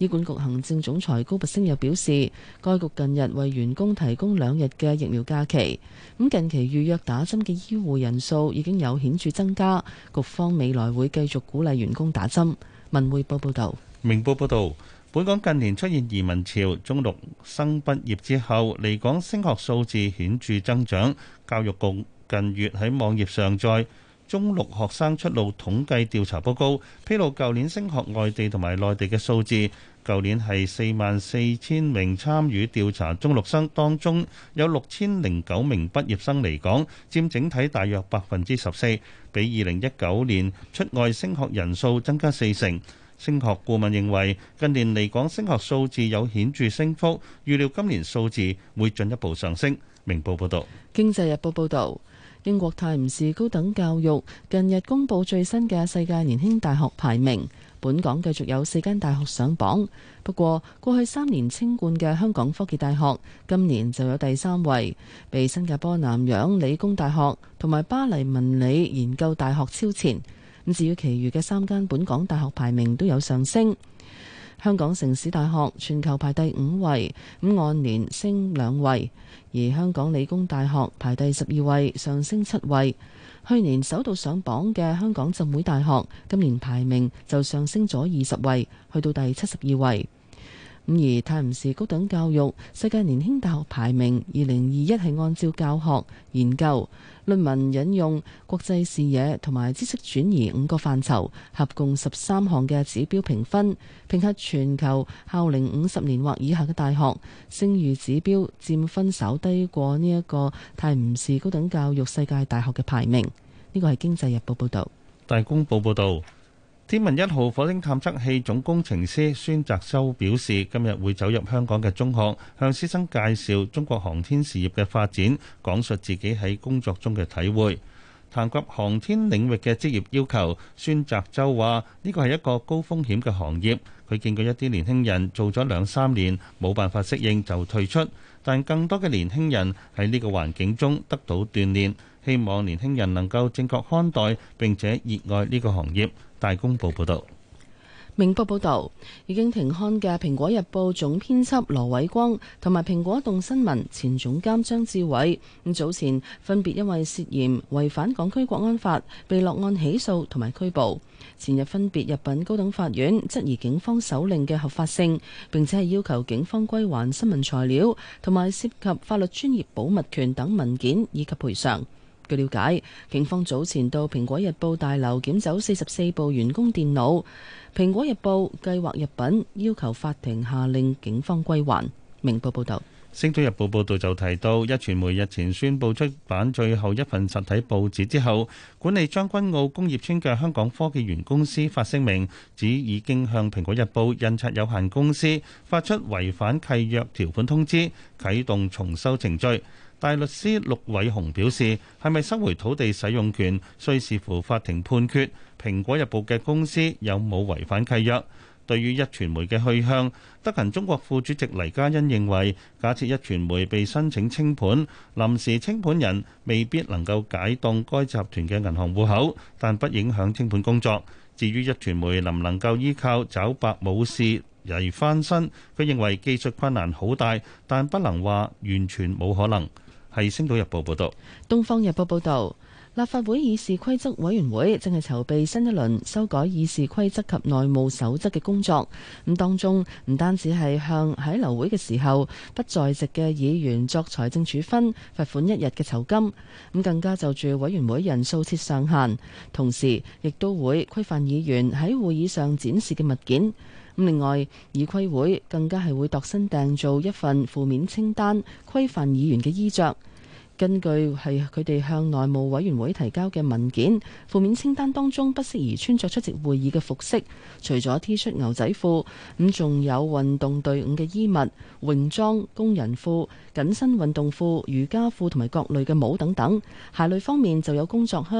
醫管局行政總裁高拔陞又表示，該局近日為員工提供兩日嘅疫苗假期。咁近期預約打針嘅醫護人數已經有顯著增加，局方未來會繼續鼓勵員工打針。文匯報報道，明報報道，本港近年出現移民潮，中六生畢業之後離港升學數字顯著增長。教育局近月喺網頁上載中六學生出路統計調查報告，披露舊年升學外地同埋內地嘅數字。舊年係四萬四千名參與調查中六生當中，有六千零九名畢業生嚟港，佔整體大約百分之十四，比二零一九年出外升學人數增加四成。升學顧問認為近年嚟港升學數字有顯著升幅，預料今年數字會進一步上升。明報報道，《經濟日報》報道，英國泰晤士高等教育近日公布最新嘅世界年輕大學排名。本港繼續有四間大學上榜，不過過去三年稱冠嘅香港科技大學今年就有第三位，被新加坡南洋理工大學同埋巴黎文理研究大學超前。咁至於其餘嘅三間本港大學排名都有上升，香港城市大學全球排第五位，咁按年升兩位；而香港理工大學排第十二位，上升七位。去年首度上榜嘅香港浸會大學，今年排名就上升咗二十位，去到第七十二位。咁而泰晤士高等教育世界年輕大學排名二零二一係按照教學、研究、論文引用、國際視野同埋知識轉移五個範疇，合共十三項嘅指標評分，評核全球校齡五十年或以下嘅大學聲譽指標佔分稍低過呢一個泰晤士高等教育世界大學嘅排名。呢個係《經濟日報》報道，《大公報》報道。天問一號火星探測器總工程師孫澤洲表示，今日會走入香港嘅中學，向師生介紹中國航天事業嘅發展，講述自己喺工作中嘅體會。談及航天領域嘅職業要求，孫澤洲話呢個係一個高風險嘅行業。佢見過一啲年輕人做咗兩三年冇辦法適應就退出，但更多嘅年輕人喺呢個環境中得到鍛煉。希望年輕人能夠正確看待，並且熱愛呢個行業。大公報報道，明報報道，已經停刊嘅《蘋果日報》總編輯羅偉光同埋《蘋果動新聞》前總監張志偉，早前分別因為涉嫌違反港區國安法，被落案起訴同埋拘捕。前日分別入稟高等法院，質疑警方搜令嘅合法性，並且係要求警方歸還新聞材料同埋涉及法律專業保密權等文件以及賠償。據瞭解，警方早前到《蘋果日報》大樓檢走四十四部員工電腦，《蘋果日報》計劃入稟，要求法庭下令警方歸還。明報報導，《星島日報》報導就提到，一傳媒日前宣布出版最後一份實體報紙之後，管理將軍澳工業村嘅香港科技園公司發聲明，指已經向《蘋果日報》印刷有限公司發出違反契約條款通知，啟動重修程序。大律師陸偉雄表示，係咪收回土地使用權，需視乎法庭判決。《蘋果日報》嘅公司有冇違反契約？對於壹傳媒嘅去向，德勤中國副主席黎嘉欣認為，假設壹傳媒被申請清盤，臨時清盤人未必能夠解凍該集團嘅銀行戶口，但不影響清盤工作。至於壹傳媒能唔能夠依靠找白武士嚟翻身，佢認為技術困難好大，但不能話完全冇可能。係《星島日報》報道，《東方日報》報道，立法會議事規則委員會正係籌備新一輪修改議事規則及內務守則嘅工作。咁當中唔單止係向喺流會嘅時候不在席嘅議員作財政處分罰款一日嘅酬金，咁更加就住委員會人數設上限，同時亦都會規範議員喺會議上展示嘅物件。咁另外，議規會更加係會度身訂造一份負面清單，規範議員嘅衣着。根據係佢哋向內務委員會提交嘅文件，負面清單當中不適宜穿著出席會議嘅服飾，除咗 T 恤、牛仔褲，咁仲有運動隊伍嘅衣物、泳裝、工人褲、緊身運動褲、瑜伽褲同埋各類嘅帽等等。鞋類方面就有工作靴、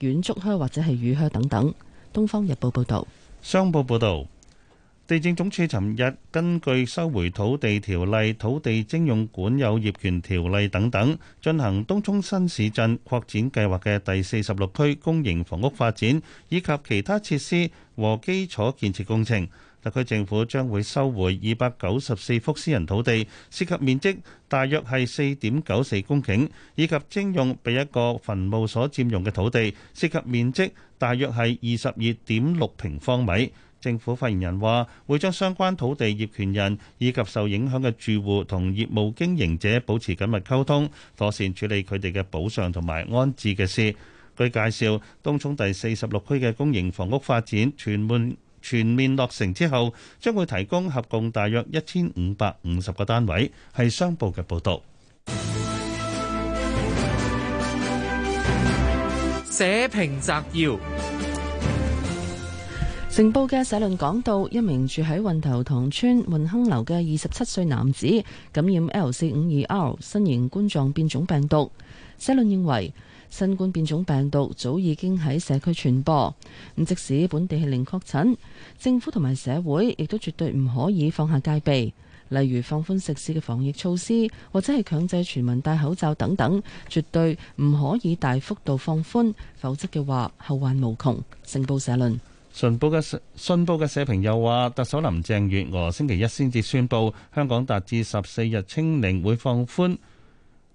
軟足靴或者係雨靴等等。《東方日報》報道，《商報》報道。地政總署尋日根據收回土地條例、土地徵用管有業權條例等等，進行東涌新市鎮擴展計劃嘅第四十六區公營房屋發展以及其他設施和基礎建設工程。特區政府將會收回二百九十四幅私人土地，涉及面積大約係四點九四公頃，以及徵用被一個墳墓所佔用嘅土地，涉及面積大約係二十二點六平方米。政府發言人話，會將相關土地業權人以及受影響嘅住戶同業務經營者保持緊密溝通，妥善處理佢哋嘅補償同埋安置嘅事。據介紹，東涌第四十六區嘅公營房屋發展全面全面落成之後，將會提供合共大約一千五百五十個單位。係商報嘅報道。社評摘要。成報嘅社論講到，一名住喺運頭塘村運亨樓嘅二十七歲男子感染 L 四五二 R 新型冠狀變種病毒。社論認為，新冠變種病毒早已經喺社區傳播，咁即使本地係零確診，政府同埋社會亦都絕對唔可以放下戒備，例如放寬食肆嘅防疫措施，或者係強制全民戴口罩等等，絕對唔可以大幅度放寬，否則嘅話後患無窮。成報社論。信報嘅信報嘅社評又話，特首林鄭月娥星期一先至宣佈香港達至十四日清零，會放寬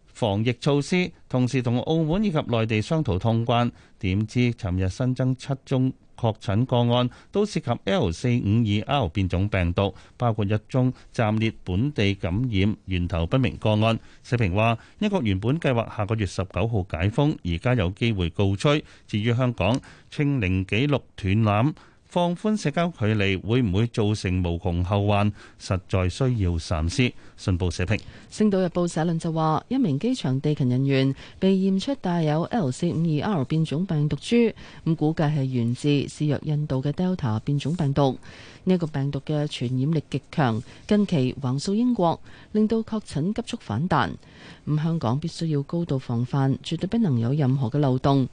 防疫措施，同時同澳門以及內地商討通關。點知尋日新增七宗。確診個案都涉及 L 四五二 R 變種病毒，包括一宗暫列本地感染源頭不明個案。社評話：英國原本計劃下個月十九號解封，而家有機會告吹。至於香港，清零紀錄斷纜。放寬社交距離會唔會造成無窮後患？實在需要三思。信報社評，《星島日報》社論就話：一名機場地勤人員被驗出帶有 L 四五二 R 變種病毒株，咁估計係源自肆虐印度嘅 Delta 變種病毒。呢、這個病毒嘅傳染力極強，近期橫掃英國，令到確診急速反彈。咁、嗯、香港必須要高度防範，絕對不能有任何嘅漏洞。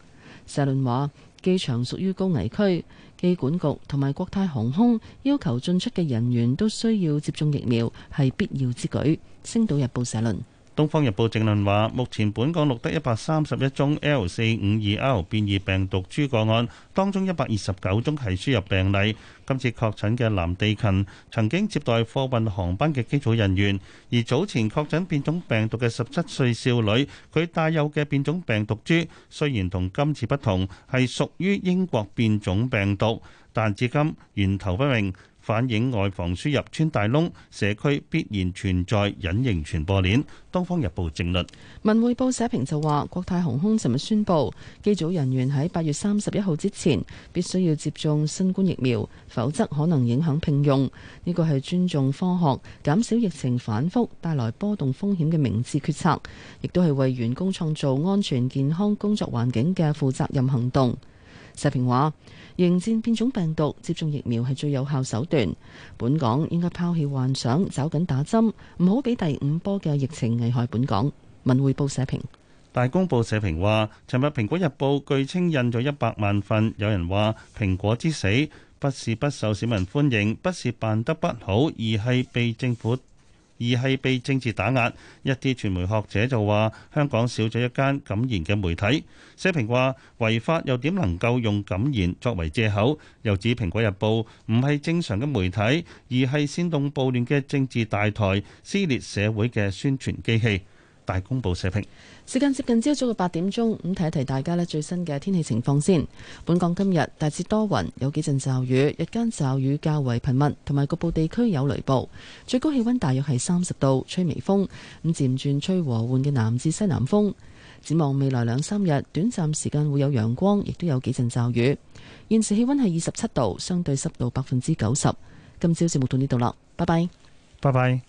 社論話：機場屬於高危區。機管局同埋國泰航空要求進出嘅人員都需要接種疫苗，係必要之舉。星島日報社論。《東方日報》正論話，目前本港錄得一百三十一宗 L 四五二 R 變異病毒株個案，當中一百二十九宗係輸入病例。今次確診嘅藍地勤曾經接待貨運航班嘅機組人員，而早前確診變種病毒嘅十七歲少女，佢帶有嘅變種病毒株雖然同今次不同，係屬於英國變種病毒，但至今源頭不明。反映外防輸入穿大窿，社區必然存在隱形傳播鏈。東方日報政論。文匯報社評就話，國泰航空尋日宣布，機組人員喺八月三十一號之前必須要接種新冠疫苗，否則可能影響聘用。呢個係尊重科學減少疫情反覆帶來波動風險嘅明智決策，亦都係為員工創造安全健康工作環境嘅負責任行動。社評話，迎戰變種病毒接種疫苗係最有效手段，本港應該拋棄幻想，抓緊打針，唔好俾第五波嘅疫情危害本港。文匯報社評，大公報社評話，尋日蘋果日報據稱印咗一百萬份，有人話蘋果之死不是不受市民歡迎，不是辦得不好，而係被政府。而係被政治打壓，一啲傳媒學者就話香港少咗一間敢言嘅媒體。社評話違法又點能夠用敢言作為藉口？又指《蘋果日報》唔係正常嘅媒體，而係煽動暴亂嘅政治大台，撕裂社會嘅宣傳機器。大公報社評。時間接近朝早嘅八點鐘，咁睇一睇大家呢最新嘅天氣情況先。本港今日大致多雲，有幾陣驟雨，日間驟雨較為頻密，同埋局部地區有雷暴。最高氣温大約係三十度，吹微風，咁漸轉吹和緩嘅南至西南風。展望未來兩三日，短暫時間會有陽光，亦都有幾陣驟雨。現時氣温係二十七度，相對濕度百分之九十。今朝節目到呢度啦，拜拜。拜拜。